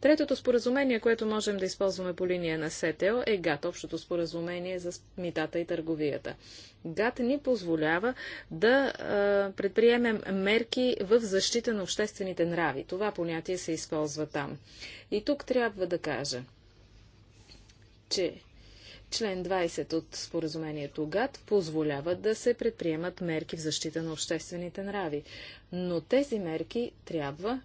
Speaker 1: Третото споразумение, което можем да използваме по линия на СТО е ГАТ, общото споразумение за митата и търговията. ГАТ ни позволява да е, предприемем мерки в защита на обществените нрави. Това понятие се използва там. И тук трябва да кажа, че Член 20 от споразумението ГАТ позволява да се предприемат мерки в защита на обществените нрави, но тези мерки трябва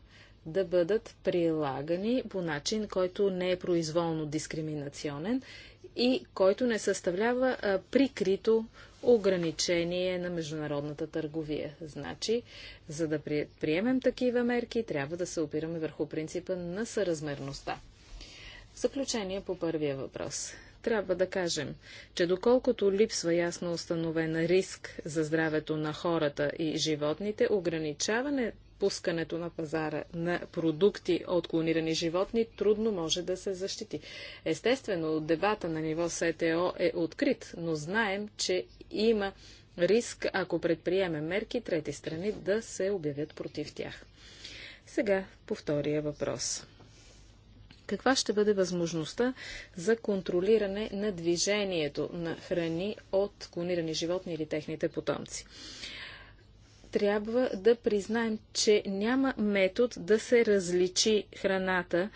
Speaker 1: да бъдат прилагани по начин, който не е произволно дискриминационен и който не съставлява прикрито ограничение на международната търговия. Значи, за да приемем такива мерки, трябва да се опираме върху принципа на съразмерността. В заключение по първия въпрос трябва да кажем, че доколкото липсва ясно установен риск за здравето на хората и животните, ограничаване пускането на пазара на продукти от клонирани животни трудно може да се защити. Естествено, дебата на ниво СТО е открит, но знаем, че има риск, ако предприеме мерки трети страни да се обявят против тях. Сега по втория въпрос. Каква ще бъде възможността за контролиране на движението на храни от клонирани животни или техните потомци? трябва да признаем, че няма метод да се различи храната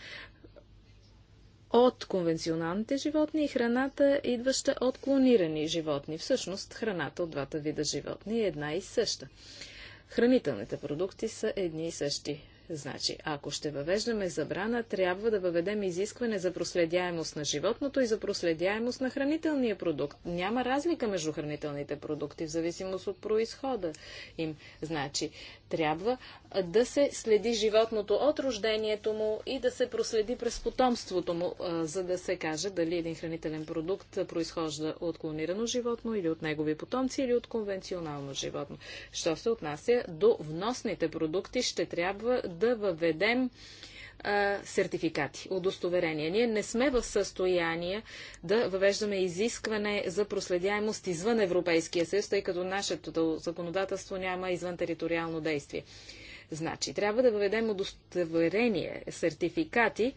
Speaker 1: от конвенционалните животни и храната, идваща от клонирани животни. Всъщност, храната от двата вида животни е една и съща. Хранителните продукти са едни и същи. Значи, ако ще въвеждаме забрана, трябва да въведем изискване за проследяемост на животното и за проследяемост на хранителния продукт. Няма разлика между хранителните продукти в зависимост от происхода им. Значи, трябва да се следи животното от рождението му и да се проследи през потомството му, за да се каже дали един хранителен продукт произхожда от клонирано животно или от негови потомци или от конвенционално животно. Що се отнася до вносните продукти, ще трябва да въведем сертификати, удостоверения. Ние не сме в състояние да въвеждаме изискване за проследяемост извън Европейския съюз, тъй като нашето законодателство няма извън териториално действие. Значи, трябва да въведем удостоверение, сертификати,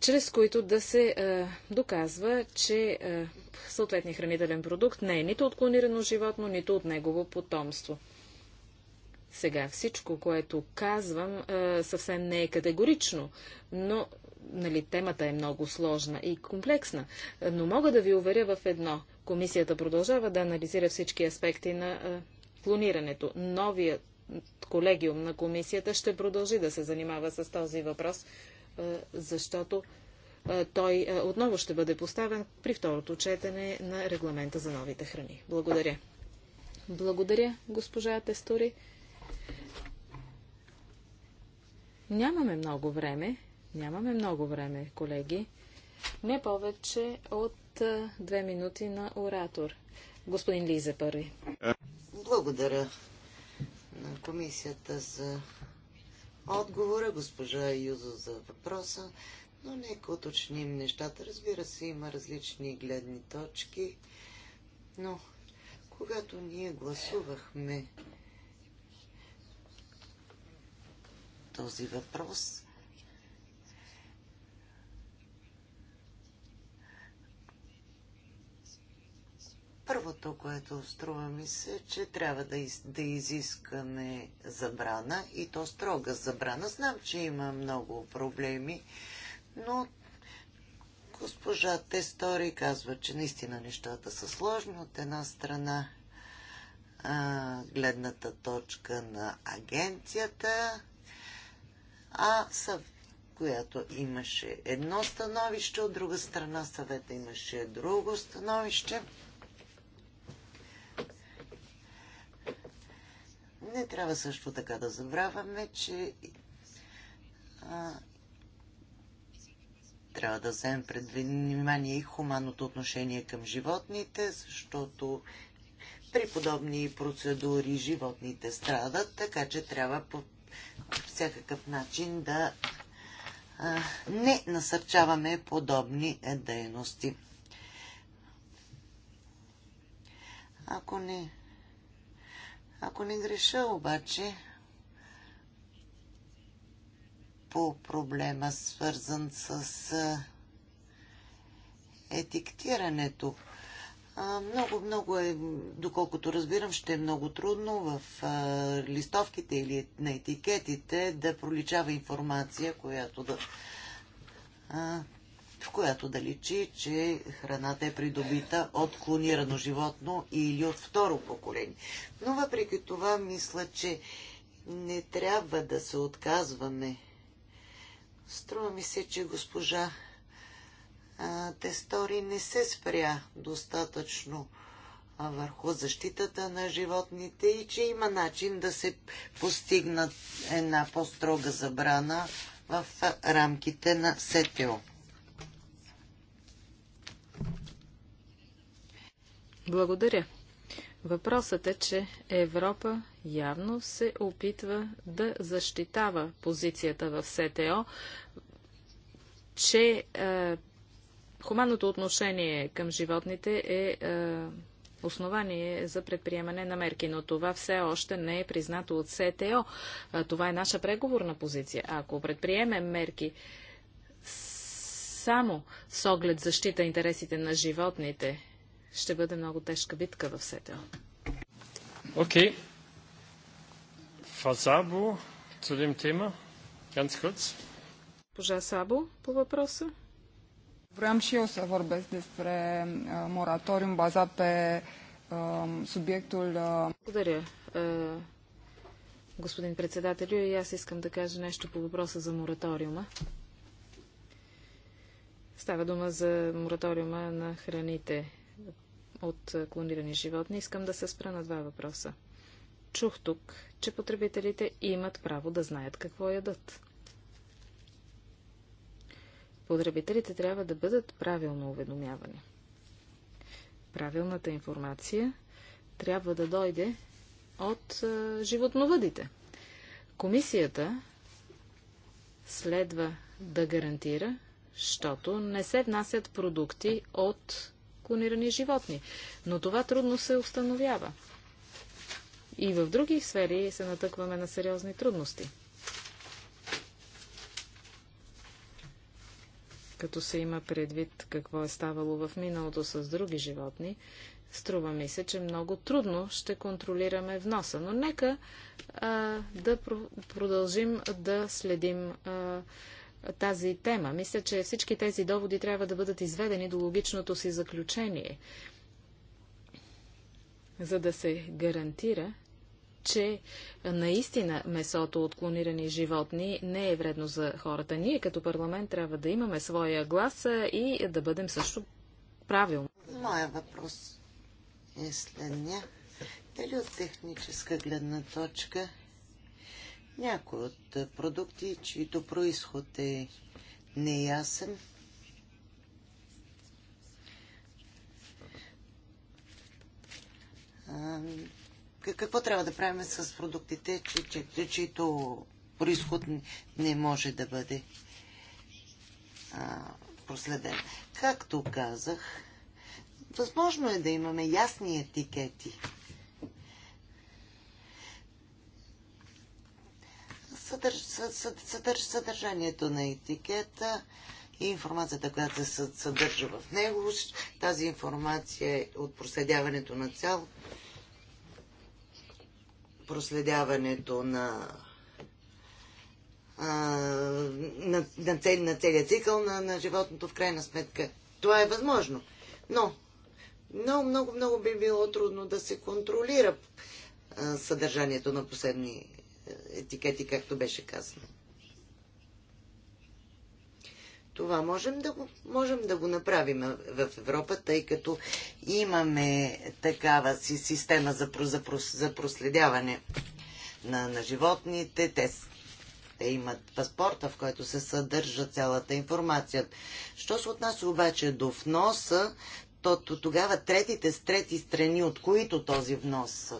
Speaker 1: чрез които да се е, доказва, че е, съответният хранителен продукт не е нито от клонирано животно, нито от негово потомство. Сега всичко, което казвам, съвсем не е категорично, но нали, темата е много сложна и комплексна. Но мога да ви уверя в едно. Комисията продължава да анализира всички аспекти на клонирането. Новият колегиум на комисията ще продължи да се занимава с този въпрос, защото той отново ще бъде поставен при второто четене на регламента за новите храни. Благодаря. Благодаря, госпожа Тестори. Нямаме много време. Нямаме много време, колеги. Не повече от две минути на оратор. Господин Лиза първи.
Speaker 2: Благодаря на комисията за отговора, госпожа Юзо за въпроса, но нека уточним нещата. Разбира се, има различни гледни точки, но когато ние гласувахме този въпрос. Първото, което струва ми се, че трябва да, из, да изискаме забрана и то строга забрана. Знам, че има много проблеми, но госпожа Тестори казва, че наистина нещата са сложни. От една страна а, гледната точка на агенцията, а съв, която имаше едно становище, от друга страна съвета имаше друго становище. Не трябва също така да забравяме, че а, трябва да вземем пред внимание и хуманното отношение към животните, защото при подобни процедури животните страдат, така че трябва по всякакъв начин да не насърчаваме подобни е, дейности. Ако не, ако не греша обаче по проблема свързан с етиктирането много, много е, доколкото разбирам, ще е много трудно в листовките или на етикетите да проличава информация, която да, в която да личи, че храната е придобита от клонирано животно или от второ поколение. Но въпреки това, мисля, че не трябва да се отказваме. Струва ми се, че госпожа Тестори не се спря достатъчно върху защитата на животните и че има начин да се постигнат една по-строга забрана в рамките на СТО.
Speaker 1: Благодаря. Въпросът е, че Европа явно се опитва да защитава позицията в СТО, че е, Хуманното отношение към животните е, е, основание за предприемане на мерки, но това все още не е признато от СТО. Това е наша преговорна позиция. Ако предприемем мерки само с оглед защита интересите на животните, ще бъде много тежка битка в СТО. Окей. Фазабо, Фасабо, тема. dem Хъц. Пожа Сабо по въпроса. Vreau și eu să vorbesc despre uh, moratorium bazat pe субекtul... Um, uh, Благодаря, uh, господин председателю. И аз искам да кажа нещо по въпроса за мораториума. Става дума за мораториума на храните от клонирани животни. Искам да се спра на два въпроса. Чух тук, че потребителите имат право да знаят какво ядат. Потребителите трябва да бъдат правилно уведомявани. Правилната информация трябва да дойде от животновъдите. Комисията следва да гарантира, защото не се внасят продукти от клонирани животни. Но това трудно се установява. И в други сфери се натъкваме на сериозни трудности. като се има предвид какво е ставало в миналото с други животни, струва ми се, че много трудно ще контролираме вноса. Но нека а, да про продължим да следим а, тази тема. Мисля, че всички тези доводи трябва да бъдат изведени до логичното си заключение, за да се гарантира, че наистина месото от клонирани животни не е вредно за хората. Ние като парламент трябва да имаме своя глас и да бъдем също правилно. Моя въпрос е следния. Дали от техническа гледна точка
Speaker 2: някои от продукти, чието происход е неясен, какво трябва да правим с продуктите, чи, чието происход не може да бъде а, проследен. Както казах, възможно е да имаме ясни етикети. съдържанието на етикета и информацията, която се съдържа в него, тази информация е от проследяването на цялото проследяването на на, на, цел, на целият цикъл на, на животното в крайна сметка. Това е възможно. Но много, много, много би било трудно да се контролира а, съдържанието на последни е, етикети, както беше казано. Това можем да го, можем да го направим в Европа, тъй като имаме такава си система за, за, за проследяване на, на животните. Те, те имат паспорта, в който се съдържа цялата информация. Що се отнася обаче до вноса, то, то тогава третите с трети страни, от които този внос,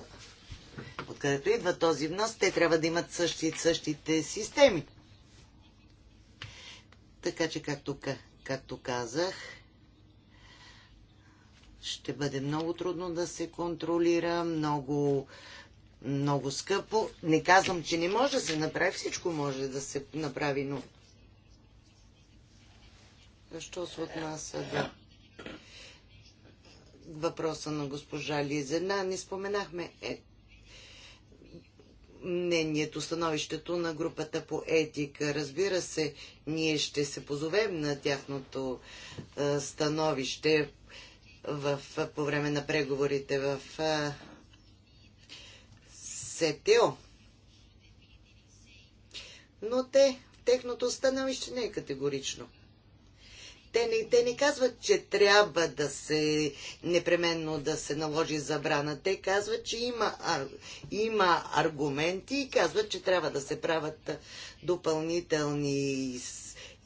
Speaker 2: откъдето идва този внос, те трябва да имат същи, същите системи. Така че, както, както казах, ще бъде много трудно да се контролира, много, много скъпо. Не казвам, че не може да се направи, всичко може да се направи, но... Защо се отнася до да... въпроса на госпожа Лизена? Не споменахме е, мнението, становището на групата по етика. Разбира се, ние ще се позовем на тяхното а, становище в, по време на преговорите в а, СТО. Но те, техното становище не е категорично. Те не, те не казват, че трябва да се непременно да се наложи забрана. Те казват, че има, ар, има аргументи и казват, че трябва да се правят допълнителни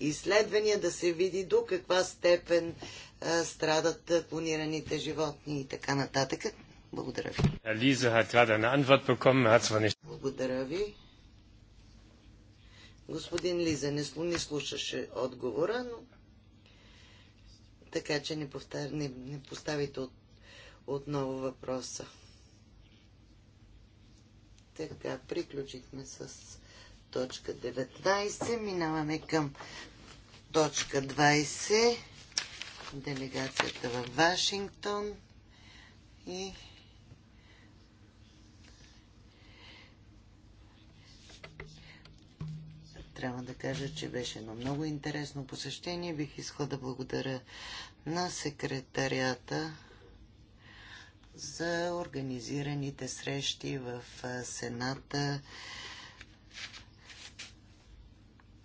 Speaker 2: изследвания, да се види до каква степен а, страдат клонираните животни и така нататък. Благодаря ви. Er Благодаря ви. Господин Лиза не слушаше отговора, но така че не, повтар, не, не поставите от, отново въпроса. Така, приключихме с точка 19. Минаваме към точка 20. Делегацията в Вашингтон. И трябва да кажа, че беше едно много интересно посещение. Бих искала да благодаря на секретарията за организираните срещи в Сената,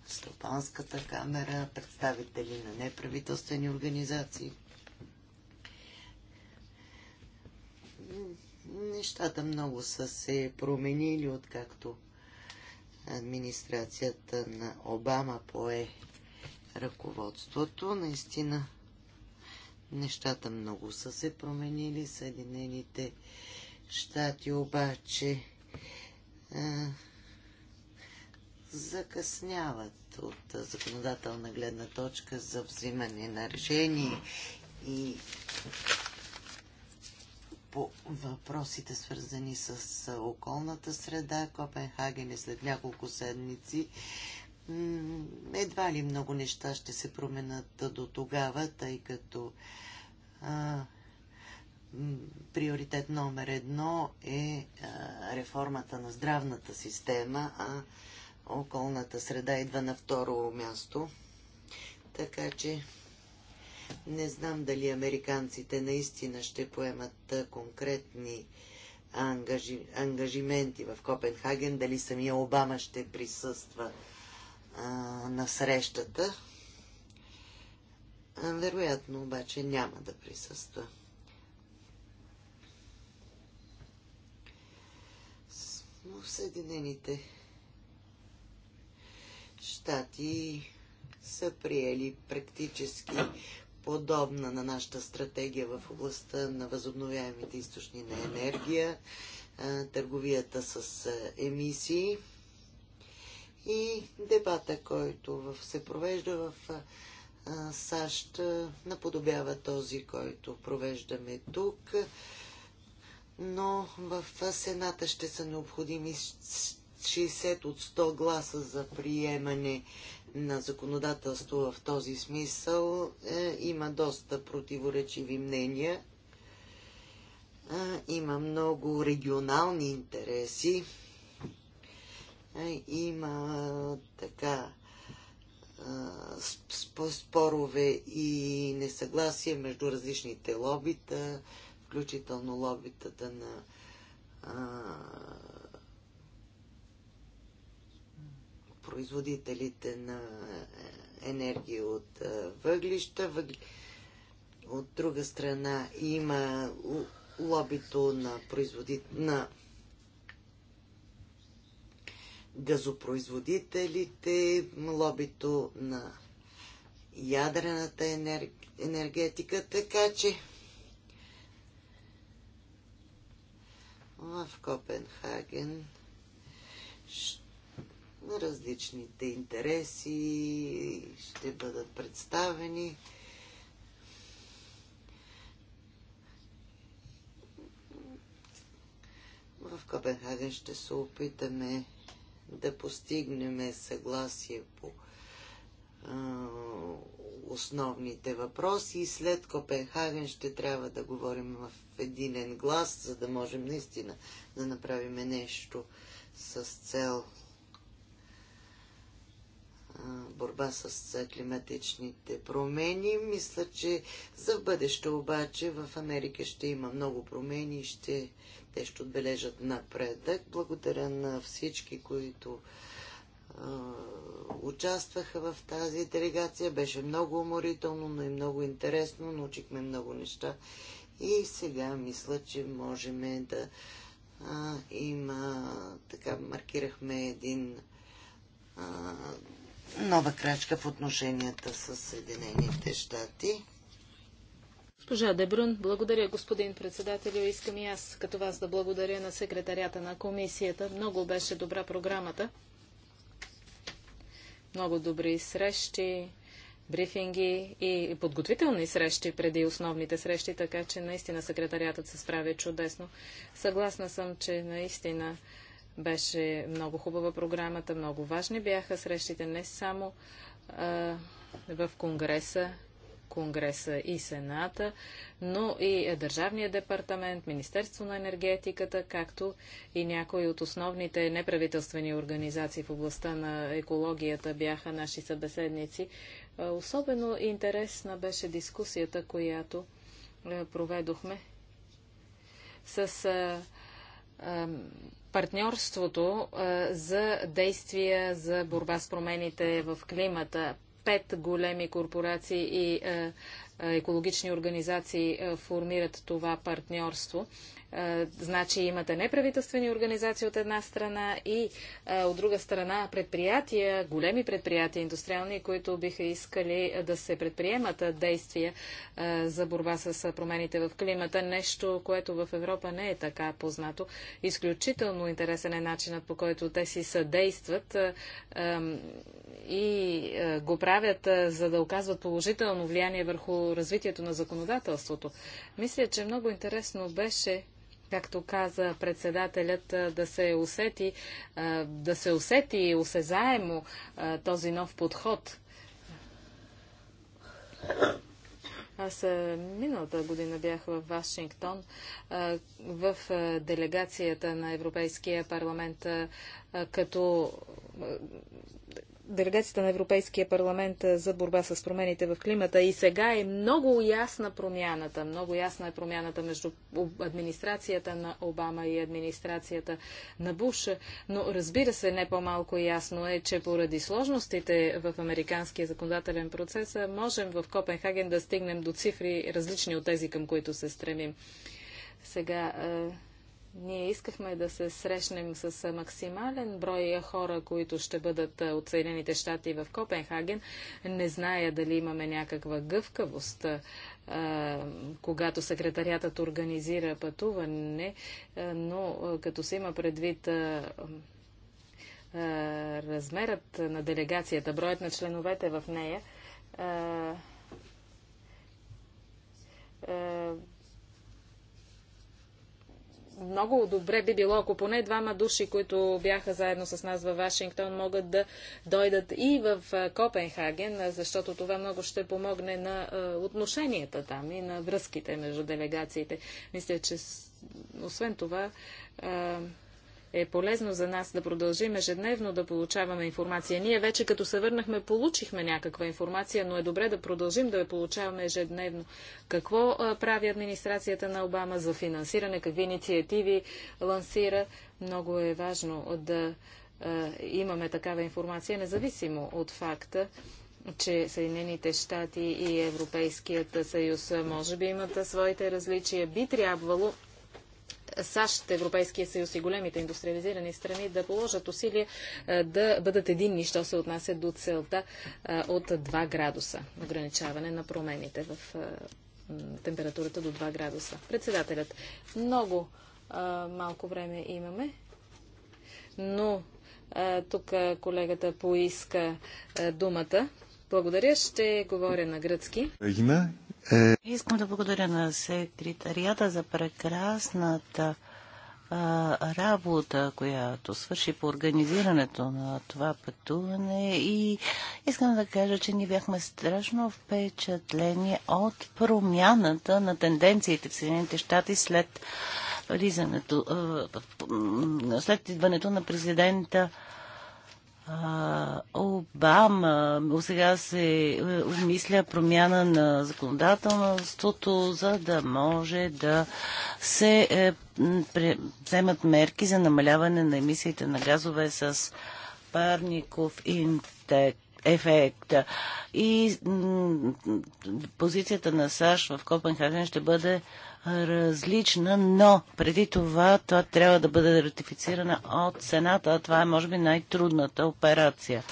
Speaker 2: Стопанската камера, представители на неправителствени организации. Нещата много са се променили, откакто администрацията на Обама пое ръководството. Наистина нещата много са се променили. Съединените щати обаче а, закъсняват от законодателна гледна точка за взимане на решение и по въпросите свързани с околната среда. Копенхаген е след няколко седмици. Едва ли много неща ще се променят до тогава, тъй като а, приоритет номер едно е а, реформата на здравната система, а околната среда идва на второ място. Така че не знам дали американците наистина ще поемат конкретни ангажи... ангажименти в Копенхаген, дали самия Обама ще присъства а, на срещата. А, вероятно обаче няма да присъства. в Съединените щати са приели практически подобна на нашата стратегия в областта на възобновяемите източни на енергия, търговията с емисии и дебата, който се провежда в САЩ, наподобява този, който провеждаме тук. Но в Сената ще са необходими 60 от 100 гласа за приемане на законодателство в този смисъл е, има доста противоречиви мнения. Е, има много регионални интереси. Е, има така спорове и несъгласие между различните лобита, включително лобитата на производителите на е, енергия от е, въглища. От друга страна има лобито на, производит... на газопроизводителите, лобито на ядрената енер... енергетика, така че в Копенхаген ще различните интереси ще бъдат представени. В Копенхаген ще се опитаме да постигнем съгласие по основните въпроси и след Копенхаген ще трябва да говорим в единен глас, за да можем наистина да направим нещо с цел борба с климатичните промени. Мисля, че за бъдеще обаче в Америка ще има много промени и ще, те ще отбележат напредък. Благодаря на всички, които а, участваха в тази делегация. Беше много уморително, но и много интересно. Научихме много неща. И сега мисля, че можем да а, има, така маркирахме един а, нова крачка в отношенията с Съединените щати.
Speaker 1: Госпожа Дебрун, благодаря господин председател. Искам и аз като вас да благодаря на секретарята на комисията. Много беше добра програмата. Много добри срещи, брифинги и подготвителни срещи преди основните срещи, така че наистина секретарятът се справя чудесно. Съгласна съм, че наистина беше много хубава програмата, много важни бяха срещите не само а, в Конгреса, Конгреса и Сената, но и е, Държавния департамент, Министерство на енергетиката, както и някои от основните неправителствени организации в областта на екологията бяха наши събеседници. Особено интересна беше дискусията, която е, проведохме с партньорството за действия за борба с промените в климата. Пет големи корпорации и екологични организации формират това партньорство е, значи имате неправителствени организации от една страна и е, от друга страна предприятия, големи предприятия, индустриални, които биха искали е, да се предприемат действия за борба с промените в климата. Нещо, което в Европа не е така познато. Изключително интересен е начинът по който те си съдействат и го правят, за да оказват положително влияние върху развитието на законодателството. Мисля, че много интересно беше както каза председателят, да се усети, да се усети осезаемо този нов подход. Аз миналата година бях в Вашингтон в делегацията на Европейския парламент като делегацията на Европейския парламент за борба с промените в климата и сега е много ясна промяната. Много ясна е промяната между администрацията на Обама и администрацията на Буш. Но разбира се, не по-малко ясно е, че поради сложностите в американския законодателен процес можем в Копенхаген да стигнем до цифри различни от тези, към които се стремим. Сега ние искахме да се срещнем с максимален брой хора, които ще бъдат от Съединените щати в Копенхаген. Не зная дали имаме някаква гъвкавост, когато секретариатът организира пътуване, но като се има предвид размерът на делегацията, броят на членовете в нея, много добре би било, ако поне двама души, които бяха заедно с нас във Вашингтон, могат да дойдат и в Копенхаген, защото това много ще помогне на отношенията там и на връзките между делегациите. Мисля, че освен това е полезно за нас да продължим ежедневно да получаваме информация. Ние вече като се върнахме, получихме някаква информация, но е добре да продължим да я получаваме ежедневно. Какво а, прави администрацията на Обама за финансиране, какви инициативи лансира. Много е важно да а, имаме такава информация, независимо от факта, че Съединените щати и Европейският съюз може би имат своите различия. Би трябвало САЩ, Европейския съюз и големите индустриализирани страни да положат усилия да бъдат единни, що се отнася до целта от 2 градуса ограничаване на промените в температурата до 2 градуса. Председателят, много малко време имаме, но тук колегата поиска думата. Благодаря. Ще говоря на гръцки. Е,
Speaker 3: искам да благодаря на секретарията за прекрасната а, работа, която свърши по организирането на това пътуване и искам да кажа, че ние бяхме страшно впечатлени от промяната на тенденциите в Съединените щати след влизането, а, след идването на президента Обама. Сега се е, обмисля промяна на законодателството, за да може да се е, вземат мерки за намаляване на емисиите на газове с парников интек ефект. И позицията на САЩ в Копенхаген ще бъде различна, но преди това това трябва да бъде ратифицирана от Сената. Това е, може би, най-трудната операция.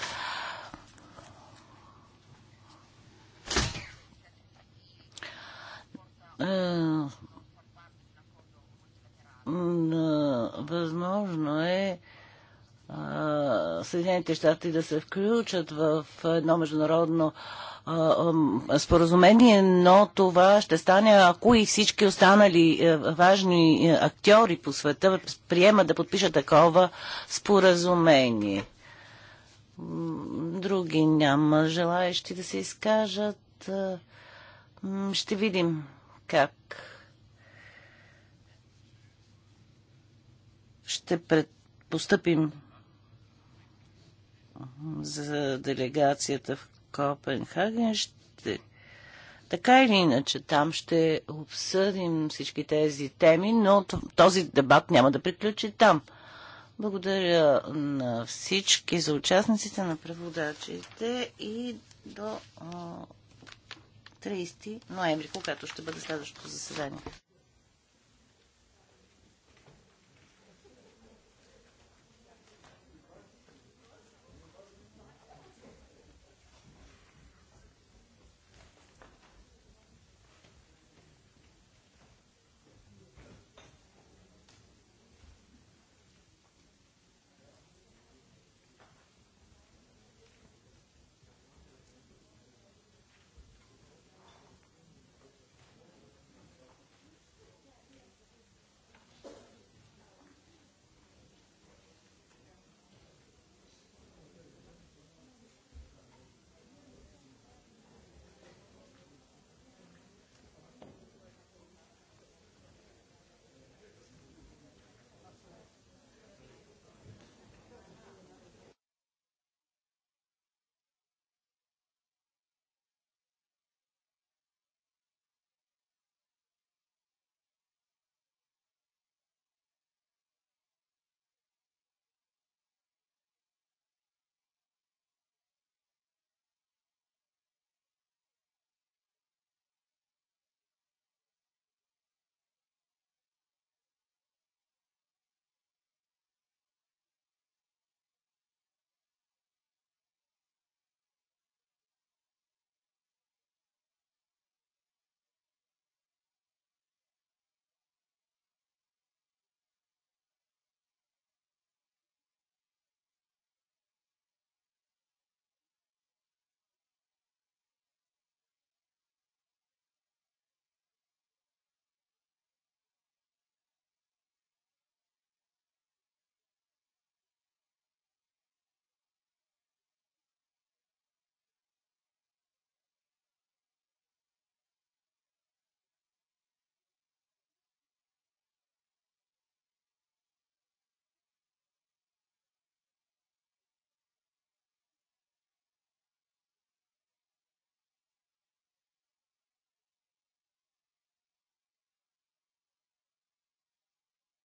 Speaker 3: Възможно е Съединените щати да се включат в едно международно споразумение, но това ще стане, ако и всички останали е, важни е, актьори по света приемат да подпишат такова споразумение. Други няма желаящи да се изкажат. Е, ще видим как ще пред... поступим за делегацията в Копенхаген ще. Така или иначе, там ще обсъдим всички тези теми, но този дебат няма да приключи там. Благодаря на всички за участниците, на преводачите и до 30 ноември, когато ще бъде следващото заседание.